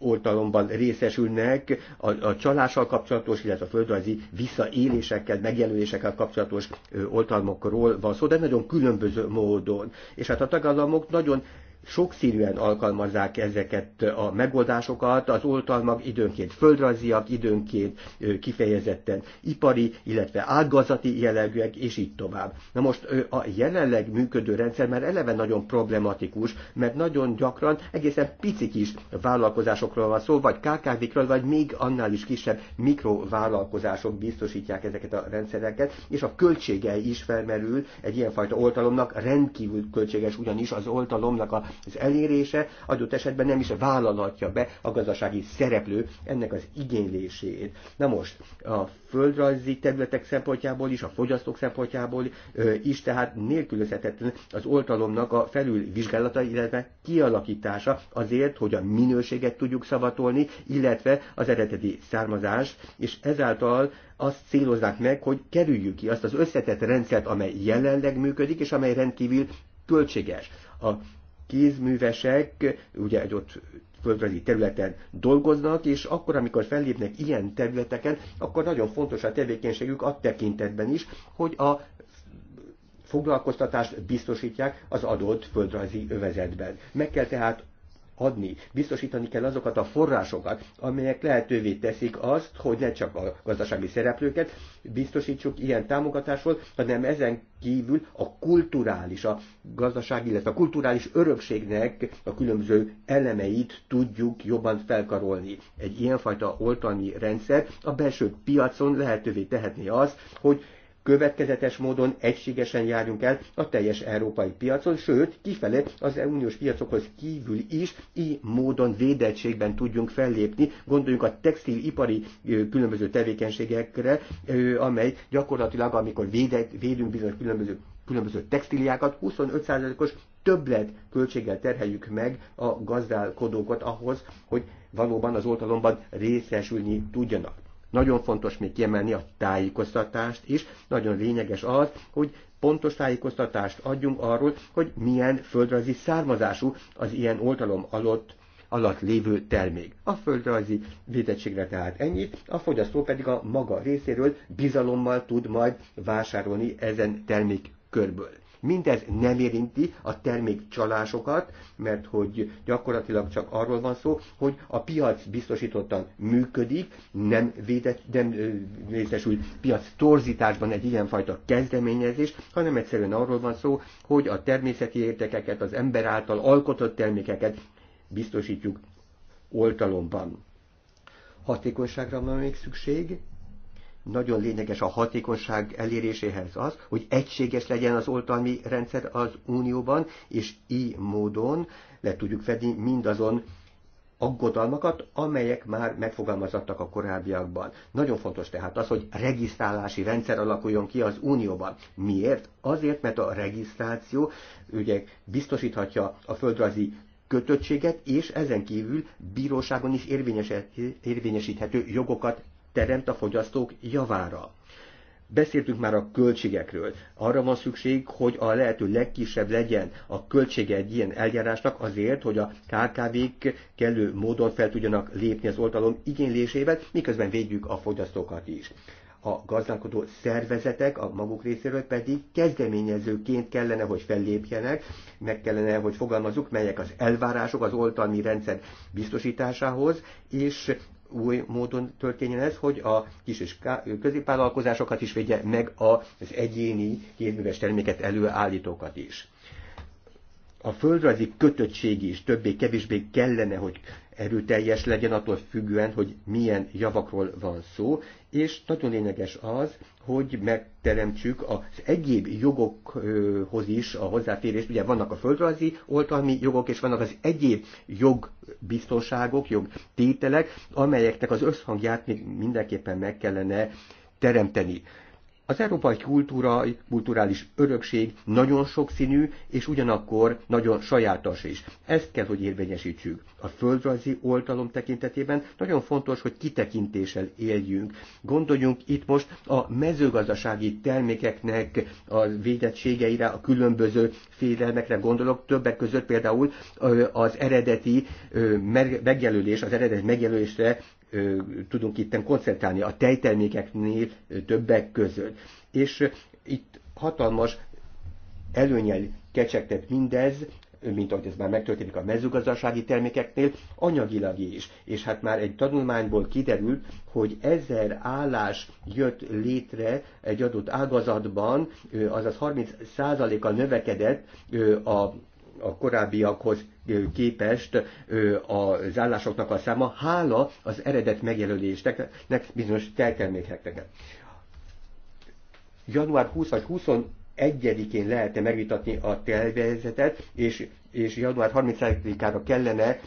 oltalomban részesülnek a, a csalással kapcsolatos, illetve a földrajzi visszaélésekkel, megjelölésekkel kapcsolatos oltalmakról van szó, de nagyon különböző módon. És hát a tagállamok nagyon sokszínűen alkalmazzák ezeket a megoldásokat, az oltalmak időnként földrajziak, időnként kifejezetten ipari, illetve ágazati jellegűek, és így tovább. Na most a jelenleg működő rendszer már eleve nagyon problematikus, mert nagyon gyakran egészen picik is vállalkozásokról van szó, vagy KKV-kről, vagy még annál is kisebb mikrovállalkozások biztosítják ezeket a rendszereket, és a költségei is felmerül egy ilyenfajta oltalomnak, rendkívül költséges ugyanis az oltalomnak a az elérése adott esetben nem is vállalhatja be a gazdasági szereplő ennek az igénylését. Na most, a földrajzi területek szempontjából is, a fogyasztók szempontjából is, tehát nélkülözhetetlen az oltalomnak a felülvizsgálata, illetve kialakítása azért, hogy a minőséget tudjuk szavatolni, illetve az eredeti származást, és ezáltal azt céloznák meg, hogy kerüljük ki azt az összetett rendszert, amely jelenleg működik, és amely rendkívül költséges. A kézművesek ugye egy ott földrajzi területen dolgoznak, és akkor, amikor fellépnek ilyen területeken, akkor nagyon fontos a tevékenységük a tekintetben is, hogy a foglalkoztatást biztosítják az adott földrajzi övezetben. Meg kell tehát adni, biztosítani kell azokat a forrásokat, amelyek lehetővé teszik azt, hogy ne csak a gazdasági szereplőket biztosítsuk ilyen támogatásról, hanem ezen kívül a kulturális, a gazdaság, illetve a kulturális örökségnek a különböző elemeit tudjuk jobban felkarolni. Egy ilyenfajta oltalmi rendszer a belső piacon lehetővé tehetné az, hogy következetes módon egységesen járjunk el a teljes európai piacon, sőt, kifele az uniós piacokhoz kívül is így módon védettségben tudjunk fellépni. Gondoljunk a textilipari különböző tevékenységekre, amely gyakorlatilag, amikor védett, védünk bizonyos különböző különböző textiliákat, 25%-os többlet költséggel terheljük meg a gazdálkodókat ahhoz, hogy valóban az oltalomban részesülni tudjanak. Nagyon fontos még kiemelni a tájékoztatást is. Nagyon lényeges az, hogy pontos tájékoztatást adjunk arról, hogy milyen földrajzi származású az ilyen oltalom alatt alatt lévő termék. A földrajzi védettségre tehát ennyi, a fogyasztó pedig a maga részéről bizalommal tud majd vásárolni ezen termék körből. Mindez nem érinti a termékcsalásokat, mert hogy gyakorlatilag csak arról van szó, hogy a piac biztosítottan működik, nem, védett, nem részesül piac torzításban egy ilyenfajta kezdeményezés, hanem egyszerűen arról van szó, hogy a természeti értékeket, az ember által alkotott termékeket biztosítjuk oltalomban. Hatékonyságra van még szükség, nagyon lényeges a hatékonyság eléréséhez az, hogy egységes legyen az oltalmi rendszer az Unióban, és így módon le tudjuk fedni mindazon aggodalmakat, amelyek már megfogalmazottak a korábbiakban. Nagyon fontos tehát az, hogy regisztrálási rendszer alakuljon ki az Unióban. Miért? Azért, mert a regisztráció ugye biztosíthatja a földrajzi kötöttséget, és ezen kívül bíróságon is érvényesíthető jogokat teremt a fogyasztók javára. Beszéltünk már a költségekről. Arra van szükség, hogy a lehető legkisebb legyen a költsége egy ilyen eljárásnak azért, hogy a KKV-k kellő módon fel tudjanak lépni az oltalom igénylésével, miközben védjük a fogyasztókat is a gazdálkodó szervezetek a maguk részéről pedig kezdeményezőként kellene, hogy fellépjenek, meg kellene, hogy fogalmazzuk melyek az elvárások az oltalmi rendszer biztosításához, és új módon történjen ez, hogy a kis és középvállalkozásokat is védje, meg az egyéni kézműves terméket előállítókat is a földrajzi kötöttség is többé-kevésbé kellene, hogy erőteljes legyen attól függően, hogy milyen javakról van szó, és nagyon lényeges az, hogy megteremtsük az egyéb jogokhoz is a hozzáférést. Ugye vannak a földrajzi oltalmi jogok, és vannak az egyéb jogbiztonságok, jogtételek, amelyeknek az összhangját még mindenképpen meg kellene teremteni. Az európai kultúra, kulturális örökség nagyon sokszínű, és ugyanakkor nagyon sajátos is. Ezt kell, hogy érvényesítsük. A földrajzi oltalom tekintetében nagyon fontos, hogy kitekintéssel éljünk. Gondoljunk itt most a mezőgazdasági termékeknek a védettségeire, a különböző félelmekre gondolok, többek között például az eredeti megjelölés, az eredeti megjelölésre tudunk itt koncentrálni a tejtermékeknél többek között. És itt hatalmas előnyel kecsegtet mindez, mint ahogy ez már megtörténik a mezőgazdasági termékeknél, anyagilag is. És hát már egy tanulmányból kiderült, hogy ezer állás jött létre egy adott ágazatban, azaz 30 kal növekedett a a korábbiakhoz képest az állásoknak a száma, hála az eredet megjelöléseknek bizonyos teltermékeknek. Január 20 vagy 21-én lehetne megvitatni a tervezetet, és, és január 30-ára kellene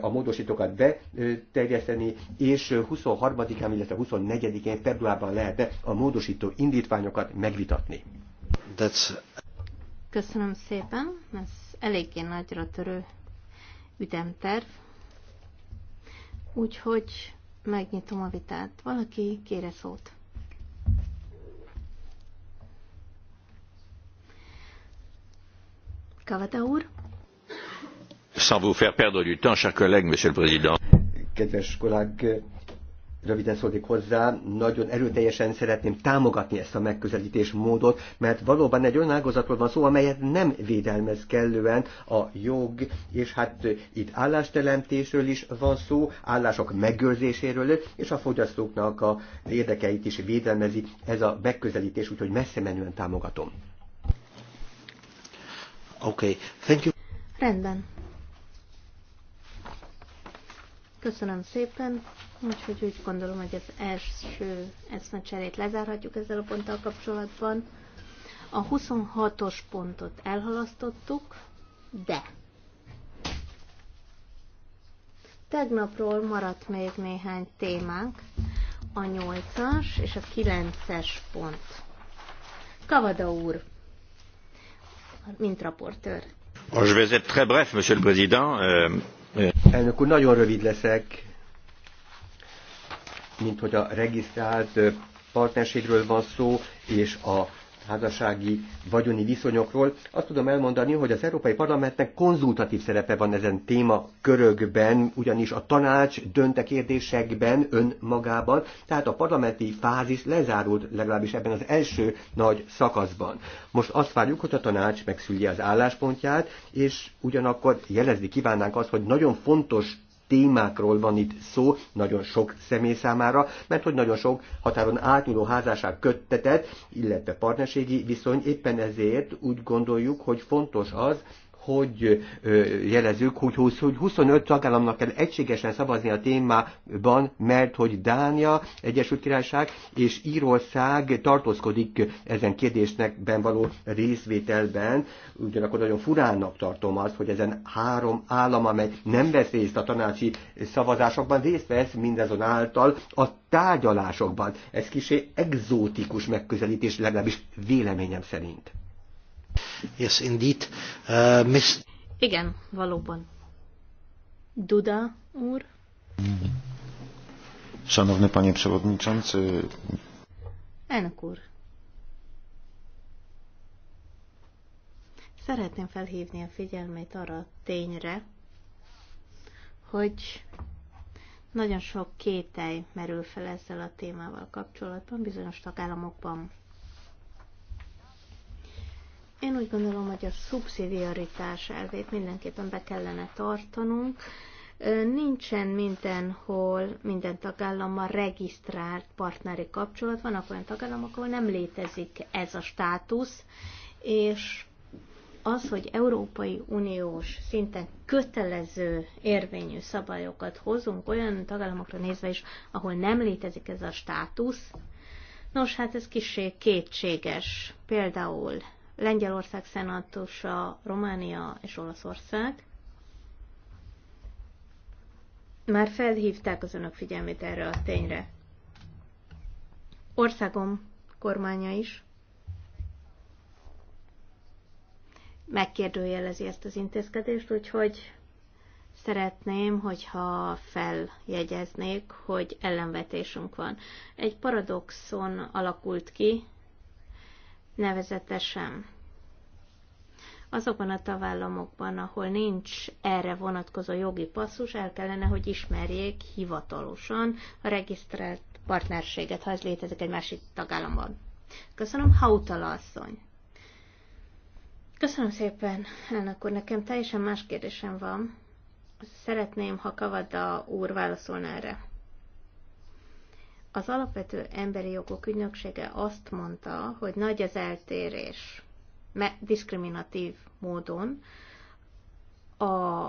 a módosítókat beterjeszteni, és 23-án, illetve 24-én februárban lehetne a módosító indítványokat megvitatni. That's... Köszönöm szépen, ez eléggé nagyra törő ütemterv, úgyhogy megnyitom a vitát. Valaki kére szót. Kavata úr? Sans vous faire perdre du temps, chers collègues, monsieur le président. Kedves kollég, röviden szólnék hozzá, nagyon erőteljesen szeretném támogatni ezt a megközelítés módot, mert valóban egy olyan ágazatról van szó, amelyet nem védelmez kellően a jog, és hát itt állásteremtésről is van szó, állások megőrzéséről, és a fogyasztóknak a érdekeit is védelmezi ez a megközelítés, úgyhogy messze menően támogatom. Oké, okay. thank you. Rendben. Köszönöm szépen. Úgyhogy úgy gondolom, hogy az első eszmecserét lezárhatjuk ezzel a ponttal kapcsolatban. A 26-os pontot elhalasztottuk, de tegnapról maradt még néhány témánk, a 8-as és a 9-es pont. Kavada úr, mint raportőr. Je vais être très bref, monsieur le président. Euh, euh, Elnök úr, nagyon rövid leszek mint hogy a regisztrált partnerségről van szó, és a házassági vagyoni viszonyokról. Azt tudom elmondani, hogy az Európai Parlamentnek konzultatív szerepe van ezen téma körökben, ugyanis a tanács dönte kérdésekben önmagában, tehát a parlamenti fázis lezárult legalábbis ebben az első nagy szakaszban. Most azt várjuk, hogy a tanács megszülje az álláspontját, és ugyanakkor jelezni kívánnánk azt, hogy nagyon fontos témákról van itt szó, nagyon sok személy számára, mert hogy nagyon sok határon átnyúló házásság köttetett, illetve partnerségi viszony, éppen ezért úgy gondoljuk, hogy fontos az, hogy jelezzük, hogy 25 tagállamnak kell egységesen szavazni a témában, mert hogy Dánia, Egyesült Királyság és Írország tartózkodik ezen kérdésnekben való részvételben. Ugyanakkor nagyon furának tartom azt, hogy ezen három állam, amely nem vesz részt a tanácsi szavazásokban, részt vesz által, a tárgyalásokban. Ez kicsi egzótikus megközelítés, legalábbis véleményem szerint. Yes, indeed. Uh, miss... Igen, valóban. Duda úr. Szanowny panie przewodniczący. Elnök úr. Szeretném felhívni a figyelmét arra a tényre, hogy nagyon sok kételj merül fel ezzel a témával kapcsolatban bizonyos tagállamokban. Én úgy gondolom, hogy a szubszidiaritás elvét mindenképpen be kellene tartanunk. Nincsen mindenhol, minden tagállammal regisztrált partneri kapcsolat. Vannak olyan tagállamok, ahol nem létezik ez a státusz, és az, hogy Európai Uniós szinten kötelező érvényű szabályokat hozunk olyan tagállamokra nézve is, ahol nem létezik ez a státusz, Nos, hát ez kissé kétséges. Például Lengyelország szenátusa, Románia és Olaszország már felhívták az önök figyelmét erre a tényre. Országom kormánya is megkérdőjelezi ezt az intézkedést, úgyhogy szeretném, hogyha feljegyeznék, hogy ellenvetésünk van. Egy paradoxon alakult ki, nevezetesen azokban a tavállamokban, ahol nincs erre vonatkozó jogi passzus, el kellene, hogy ismerjék hivatalosan a regisztrált partnerséget, ha ez létezik egy másik tagállamban. Köszönöm, Hautala asszony. Köszönöm szépen, elnök úr. Nekem teljesen más kérdésem van. Szeretném, ha Kavada úr válaszolna erre. Az alapvető emberi jogok ügynöksége azt mondta, hogy nagy az eltérés diszkriminatív módon a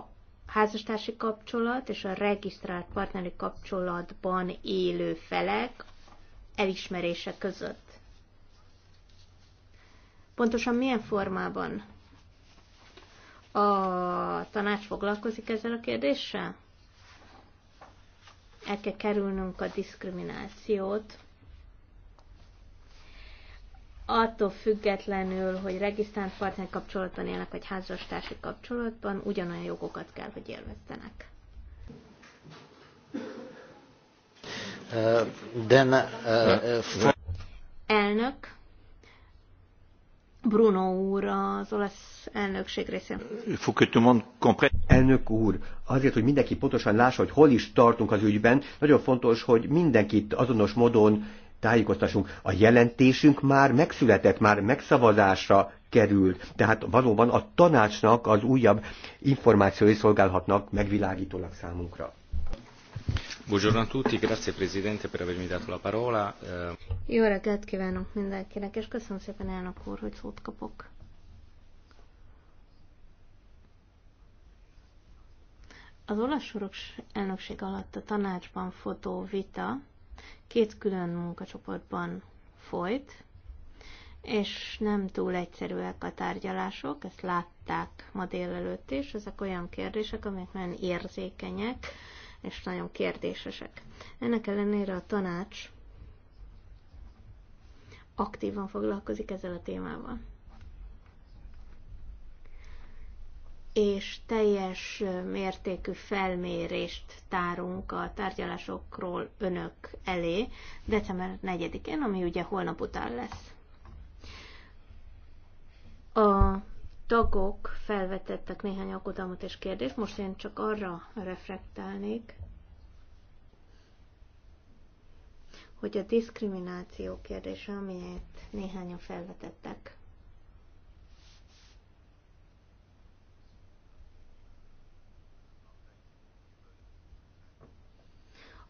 házastársi kapcsolat és a regisztrált partneri kapcsolatban élő felek elismerése között. Pontosan milyen formában? A tanács foglalkozik ezzel a kérdéssel? el kell kerülnünk a diszkriminációt, attól függetlenül, hogy regisztrált partner kapcsolatban élnek, vagy házastársi kapcsolatban, ugyanolyan jogokat kell, hogy élvezzenek. Uh, then, uh, uh, uh Elnök. Bruno úr az olasz elnökség részén. Elnök úr, azért, hogy mindenki pontosan lássa, hogy hol is tartunk az ügyben, nagyon fontos, hogy mindenkit azonos módon tájékoztassunk. A jelentésünk már megszületett, már megszavazásra került. Tehát valóban a tanácsnak az újabb információi szolgálhatnak megvilágítólag számunkra. Buongiorno a tutti, grazie Presidente per avermi dato la parola. Eh. Jó reggelt kívánok mindenkinek, és köszönöm szépen elnök úr, hogy szót kapok. Az olasz sorok elnökség alatt a tanácsban fotó vita két külön munkacsoportban folyt, és nem túl egyszerűek a tárgyalások, ezt látták ma délelőtt is, ezek olyan kérdések, amelyek nagyon érzékenyek, és nagyon kérdésesek. Ennek ellenére a tanács aktívan foglalkozik ezzel a témával. És teljes mértékű felmérést tárunk a tárgyalásokról önök elé december 4-én, ami ugye holnap után lesz. A tagok felvetettek néhány aggodalmat és kérdést, most én csak arra reflektálnék, hogy a diszkrimináció kérdése, amelyet néhányan felvetettek,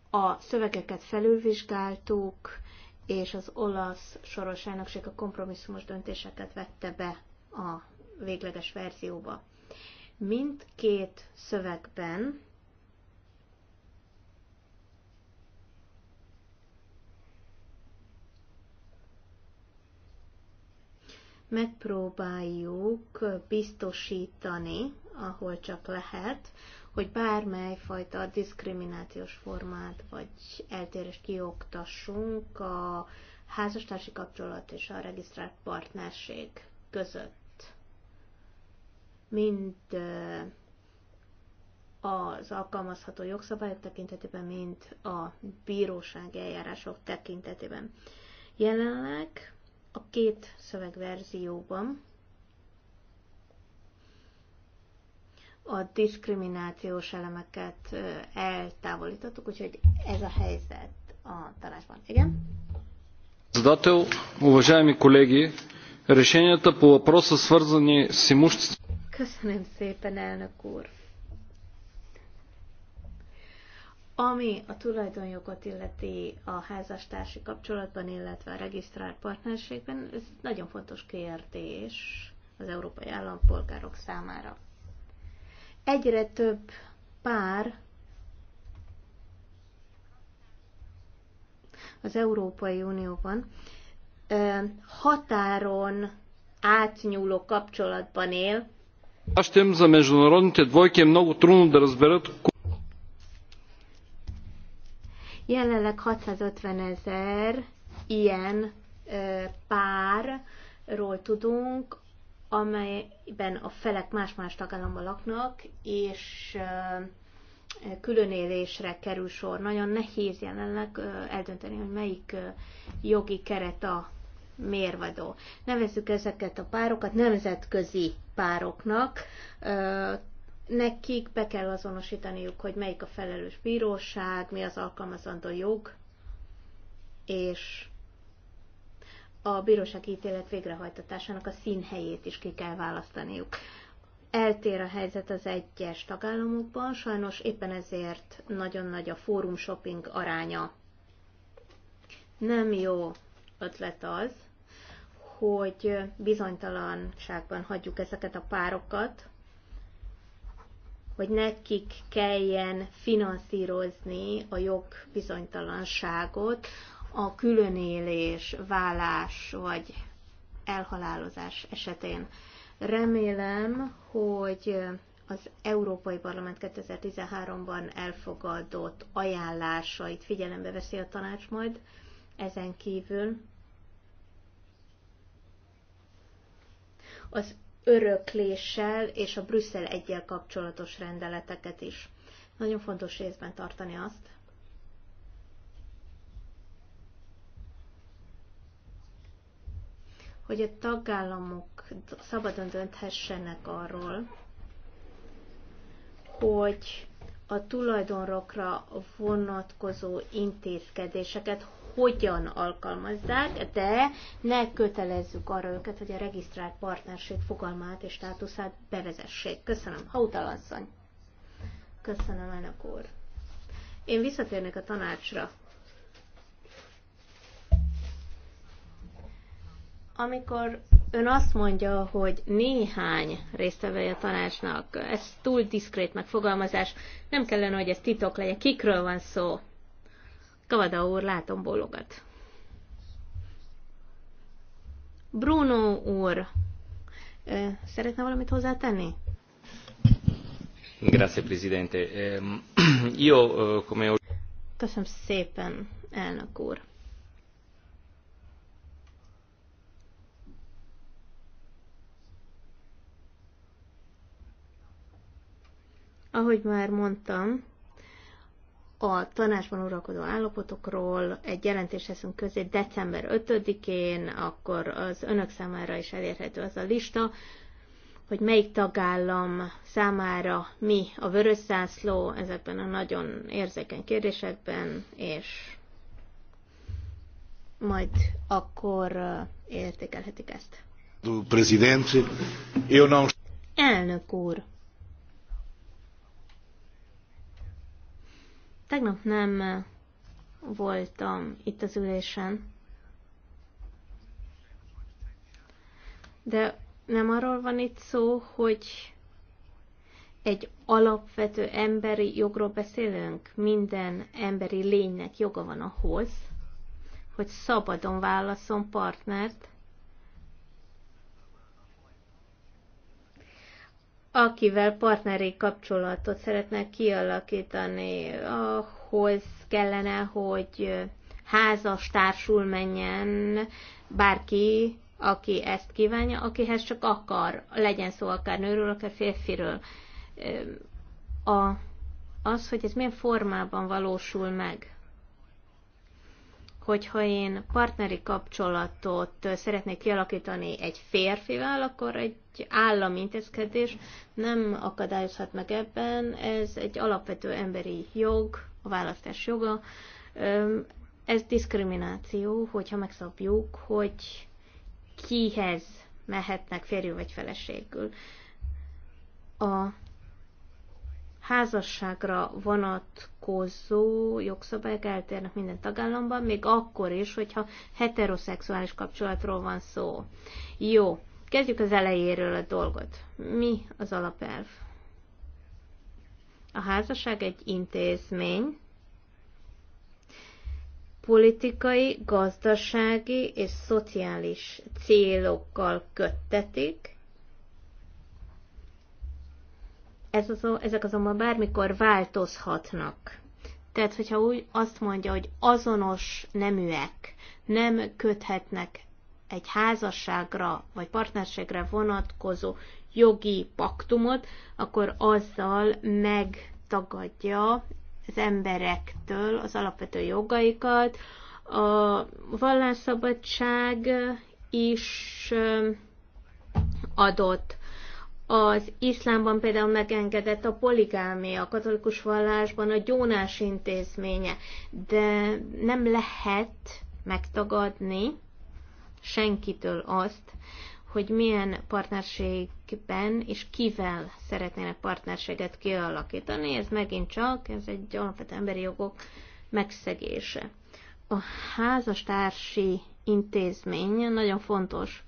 a szövegeket felülvizsgáltuk, és az olasz soros elnökség a kompromisszumos döntéseket vette be a végleges verzióba. Mindkét szövegben megpróbáljuk biztosítani, ahol csak lehet, hogy bármely fajta diszkriminációs formát vagy eltérést kioktassunk a házastársi kapcsolat és a regisztrált partnerség között mind az alkalmazható jogszabályok tekintetében, mint a bíróság eljárások tekintetében. Jelenleg a két szövegverzióban a diszkriminációs elemeket eltávolítottuk, úgyhogy ez a helyzet a tanácsban. Igen? Председател, уважаеми колеги, решенията по въпроса свързани с имуществото Köszönöm szépen, elnök úr. Ami a tulajdonjogot illeti a házastársi kapcsolatban, illetve a regisztrált partnerségben, ez nagyon fontos kérdés az európai állampolgárok számára. Egyre több pár az Európai Unióban határon átnyúló kapcsolatban él, Настоящем за международните двойки е много трудно да разберат Jelenleg 650 ezer ilyen ö, párról tudunk, amelyben a felek más-más tagállamban laknak, és ö, különélésre kerül sor. Nagyon nehéz jelenleg eldönteni, hogy melyik jogi keret a mérvadó. Nevezzük ezeket a párokat nemzetközi pároknak, nekik be kell azonosítaniuk, hogy melyik a felelős bíróság, mi az alkalmazandó jog, és a bíróság ítélet végrehajtatásának a színhelyét is ki kell választaniuk. Eltér a helyzet az egyes tagállamokban, sajnos éppen ezért nagyon nagy a fórum shopping aránya. Nem jó ötlet az, hogy bizonytalanságban hagyjuk ezeket a párokat, hogy nekik kelljen finanszírozni a jog bizonytalanságot a különélés, vállás vagy elhalálozás esetén. Remélem, hogy az Európai Parlament 2013-ban elfogadott ajánlásait figyelembe veszi a tanács majd ezen kívül az örökléssel és a Brüsszel egyel kapcsolatos rendeleteket is. Nagyon fontos részben tartani azt, hogy a tagállamok szabadon dönthessenek arról, hogy a tulajdonrokra vonatkozó intézkedéseket hogyan alkalmazzák, de ne kötelezzük arra őket, hogy a regisztrált partnerség fogalmát és státuszát bevezessék. Köszönöm. Hautal asszony. Köszönöm, elnök úr. Én visszatérnék a tanácsra. Amikor ön azt mondja, hogy néhány résztvevője a tanácsnak, ez túl diszkrét megfogalmazás, nem kellene, hogy ez titok legyen. Kikről van szó? Kavada úr, látom, bólogat. Bruno úr, szeretne valamit hozzátenni? Grazie, Presidente. Ehm, io, come... Köszönöm szépen, elnök úr. Ahogy már mondtam, a tanácsban uralkodó állapotokról egy jelentést teszünk közé december 5-én, akkor az önök számára is elérhető az a lista, hogy melyik tagállam számára mi a vörös szászló ezekben a nagyon érzékeny kérdésekben, és majd akkor értékelhetik ezt. Presidente, eu não... Elnök úr, Tegnap nem eh, voltam itt az ülésen, de nem arról van itt szó, hogy egy alapvető emberi jogról beszélünk. Minden emberi lénynek joga van ahhoz, hogy szabadon válaszol partnert, akivel partneri kapcsolatot szeretnek kialakítani, ahhoz kellene, hogy házas társul menjen bárki, aki ezt kívánja, akihez csak akar, legyen szó akár nőről, akár férfiről. A, az, hogy ez milyen formában valósul meg, hogyha én partneri kapcsolatot szeretnék kialakítani egy férfivel, akkor egy állami intézkedés nem akadályozhat meg ebben. Ez egy alapvető emberi jog, a választás joga. Ez diszkrimináció, hogyha megszabjuk, hogy kihez mehetnek férjük vagy feleségül. A házasságra vonatkozó jogszabályok eltérnek minden tagállamban, még akkor is, hogyha heteroszexuális kapcsolatról van szó. Jó, Kezdjük az elejéről a dolgot. Mi az alapelv? A házasság egy intézmény, politikai, gazdasági és szociális célokkal köttetik. Ez az, ezek azonban bármikor változhatnak. Tehát, hogyha úgy azt mondja, hogy azonos neműek nem köthetnek egy házasságra vagy partnerségre vonatkozó jogi paktumot, akkor azzal megtagadja az emberektől az alapvető jogaikat. A vallásszabadság is adott. Az iszlámban például megengedett a poligámia, a katolikus vallásban a gyónás intézménye, de nem lehet megtagadni senkitől azt, hogy milyen partnerségben és kivel szeretnének partnerséget kialakítani. Ez megint csak, ez egy alapvető emberi jogok megszegése. A házastársi intézmény nagyon fontos,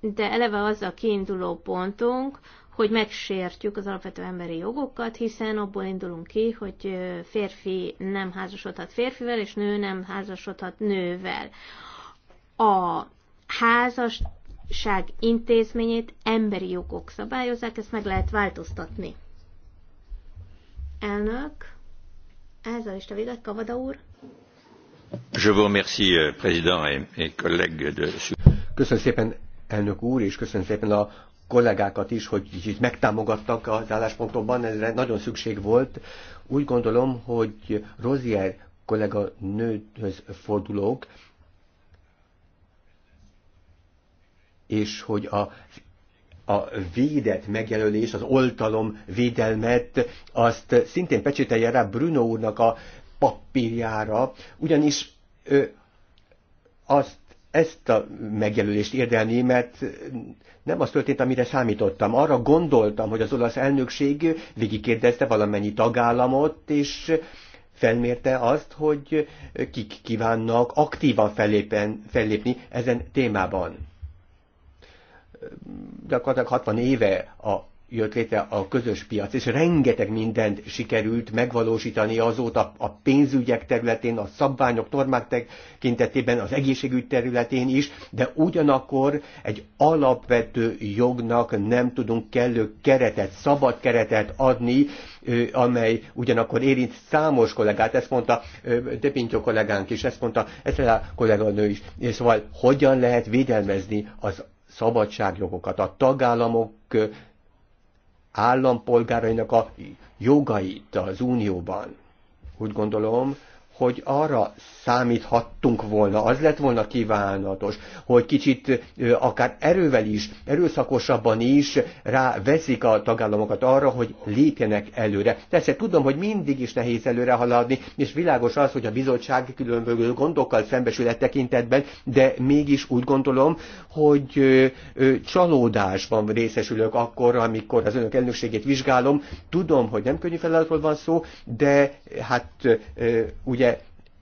de eleve az a kiinduló pontunk, hogy megsértjük az alapvető emberi jogokat, hiszen abból indulunk ki, hogy férfi nem házasodhat férfivel, és nő nem házasodhat nővel. A házasság intézményét emberi jogok szabályozzák, ezt meg lehet változtatni. Elnök, ez a lista véget, Kavada úr. Je vous remercie, euh, président et, et collègues de... Köszönöm szépen, elnök úr, és köszönöm szépen a kollégákat is, hogy így megtámogattak az álláspontomban, ezre nagyon szükség volt. Úgy gondolom, hogy Rozier kollega nőhöz fordulók, és hogy a a védett megjelölés, az oltalom védelmet, azt szintén pecsételje rá Bruno úrnak a papírjára, ugyanis ő azt ezt a megjelölést érdelni, mert nem az történt, amire számítottam. Arra gondoltam, hogy az olasz elnökség végigkérdezte valamennyi tagállamot, és felmérte azt, hogy kik kívánnak aktívan fellépen, fellépni ezen témában. Gyakorlatilag 60 éve a jött létre a közös piac, és rengeteg mindent sikerült megvalósítani azóta a pénzügyek területén, a szabványok, normák tekintetében, az egészségügy területén is, de ugyanakkor egy alapvető jognak nem tudunk kellő keretet, szabad keretet adni, amely ugyanakkor érint számos kollégát, ezt mondta Depintyó kollégánk is, ezt mondta Eszela kolléganő is, és szóval hogyan lehet védelmezni az szabadságjogokat. A tagállamok állampolgárainak a jogait az Unióban. Úgy gondolom, hogy arra számíthattunk volna, az lett volna kívánatos, hogy kicsit akár erővel is, erőszakosabban is rá veszik a tagállamokat arra, hogy lépjenek előre. Persze tudom, hogy mindig is nehéz előre haladni, és világos az, hogy a bizottság különböző gondokkal szembesül e tekintetben, de mégis úgy gondolom, hogy csalódásban részesülök akkor, amikor az önök elnökségét vizsgálom. Tudom, hogy nem könnyű feladatról van szó, de hát ugye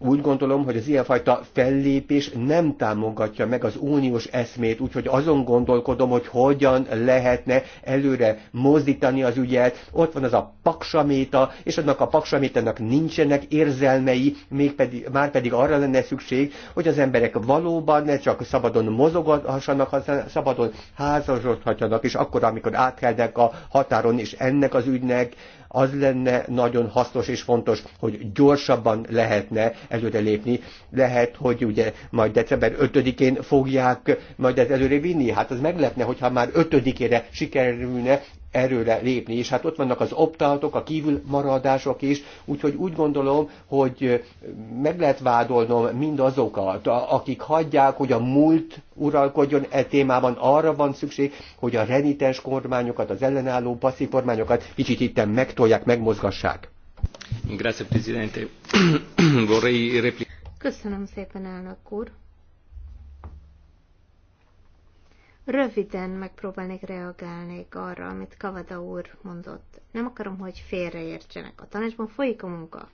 úgy gondolom, hogy az ilyenfajta fellépés nem támogatja meg az uniós eszmét, úgyhogy azon gondolkodom, hogy hogyan lehetne előre mozdítani az ügyet. Ott van az a paksaméta, és annak a paksamétának nincsenek érzelmei, mégpedig, már pedig arra lenne szükség, hogy az emberek valóban ne csak szabadon mozoghassanak, hanem szabadon házasodhatjanak, és akkor, amikor átkelnek a határon, és ennek az ügynek az lenne nagyon hasznos és fontos, hogy gyorsabban lehetne lépni. Lehet, hogy ugye majd december 5-én fogják majd ezt előre vinni. Hát az meglepne, hogyha már 5-ére sikerülne erőre lépni, és hát ott vannak az optáltok, a kívülmaradások is, úgyhogy úgy gondolom, hogy meg lehet vádolnom mindazokat, akik hagyják, hogy a múlt uralkodjon e témában, arra van szükség, hogy a renitens kormányokat, az ellenálló passzív kormányokat kicsit itten megtolják, megmozgassák. Grazie, Presidente. Vorrei Köszönöm szépen, elnök úr. Röviden megpróbálnék reagálni arra, amit Kavada úr mondott. Nem akarom, hogy félreértsenek. A tanácsban folyik a munka.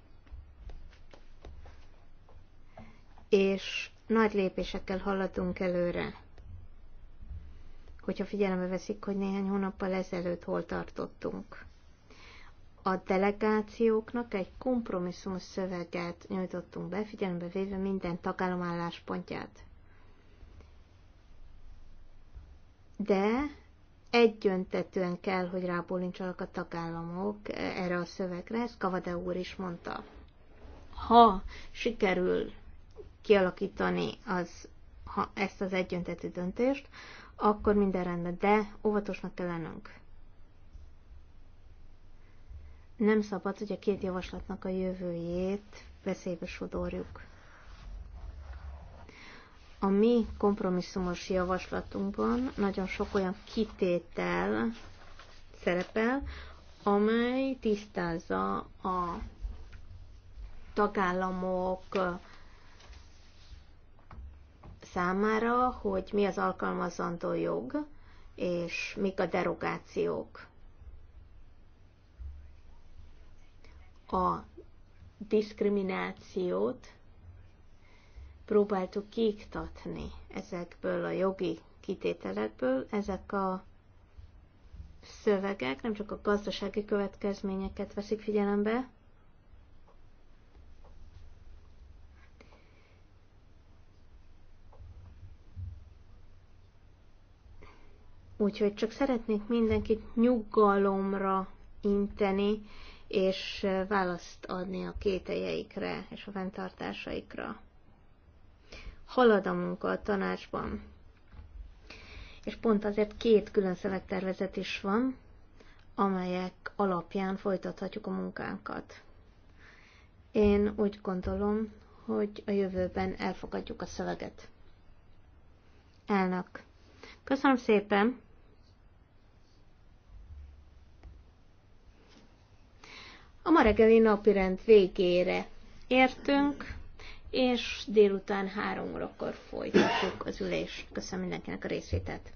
És nagy lépésekkel haladunk előre. Hogyha figyelembe veszik, hogy néhány hónappal ezelőtt hol tartottunk. A delegációknak egy kompromisszumos szöveget nyújtottunk be, figyelembe véve minden tagállam álláspontját de egyöntetően kell, hogy rábólincsanak a tagállamok eh, erre a szövegre, ezt Kavade úr is mondta. Ha sikerül kialakítani az, ha ezt az egyöntetű döntést, akkor minden rendben, de óvatosnak kell lennünk. Nem szabad, hogy a két javaslatnak a jövőjét veszélybe sodorjuk a mi kompromisszumos javaslatunkban nagyon sok olyan kitétel szerepel, amely tisztázza a tagállamok számára, hogy mi az alkalmazandó jog, és mik a derogációk. A diszkriminációt próbáltuk kiiktatni ezekből a jogi kitételekből, ezek a szövegek nem csak a gazdasági következményeket veszik figyelembe, Úgyhogy csak szeretnék mindenkit nyugalomra inteni, és választ adni a kételjeikre és a fenntartásaikra halad a munka a tanácsban. És pont azért két külön szövegtervezet is van, amelyek alapján folytathatjuk a munkánkat. Én úgy gondolom, hogy a jövőben elfogadjuk a szöveget. Elnök. Köszönöm szépen! A ma reggeli napirend végére értünk és délután három órakor folytatjuk az ülést. Köszönöm mindenkinek a részvételt.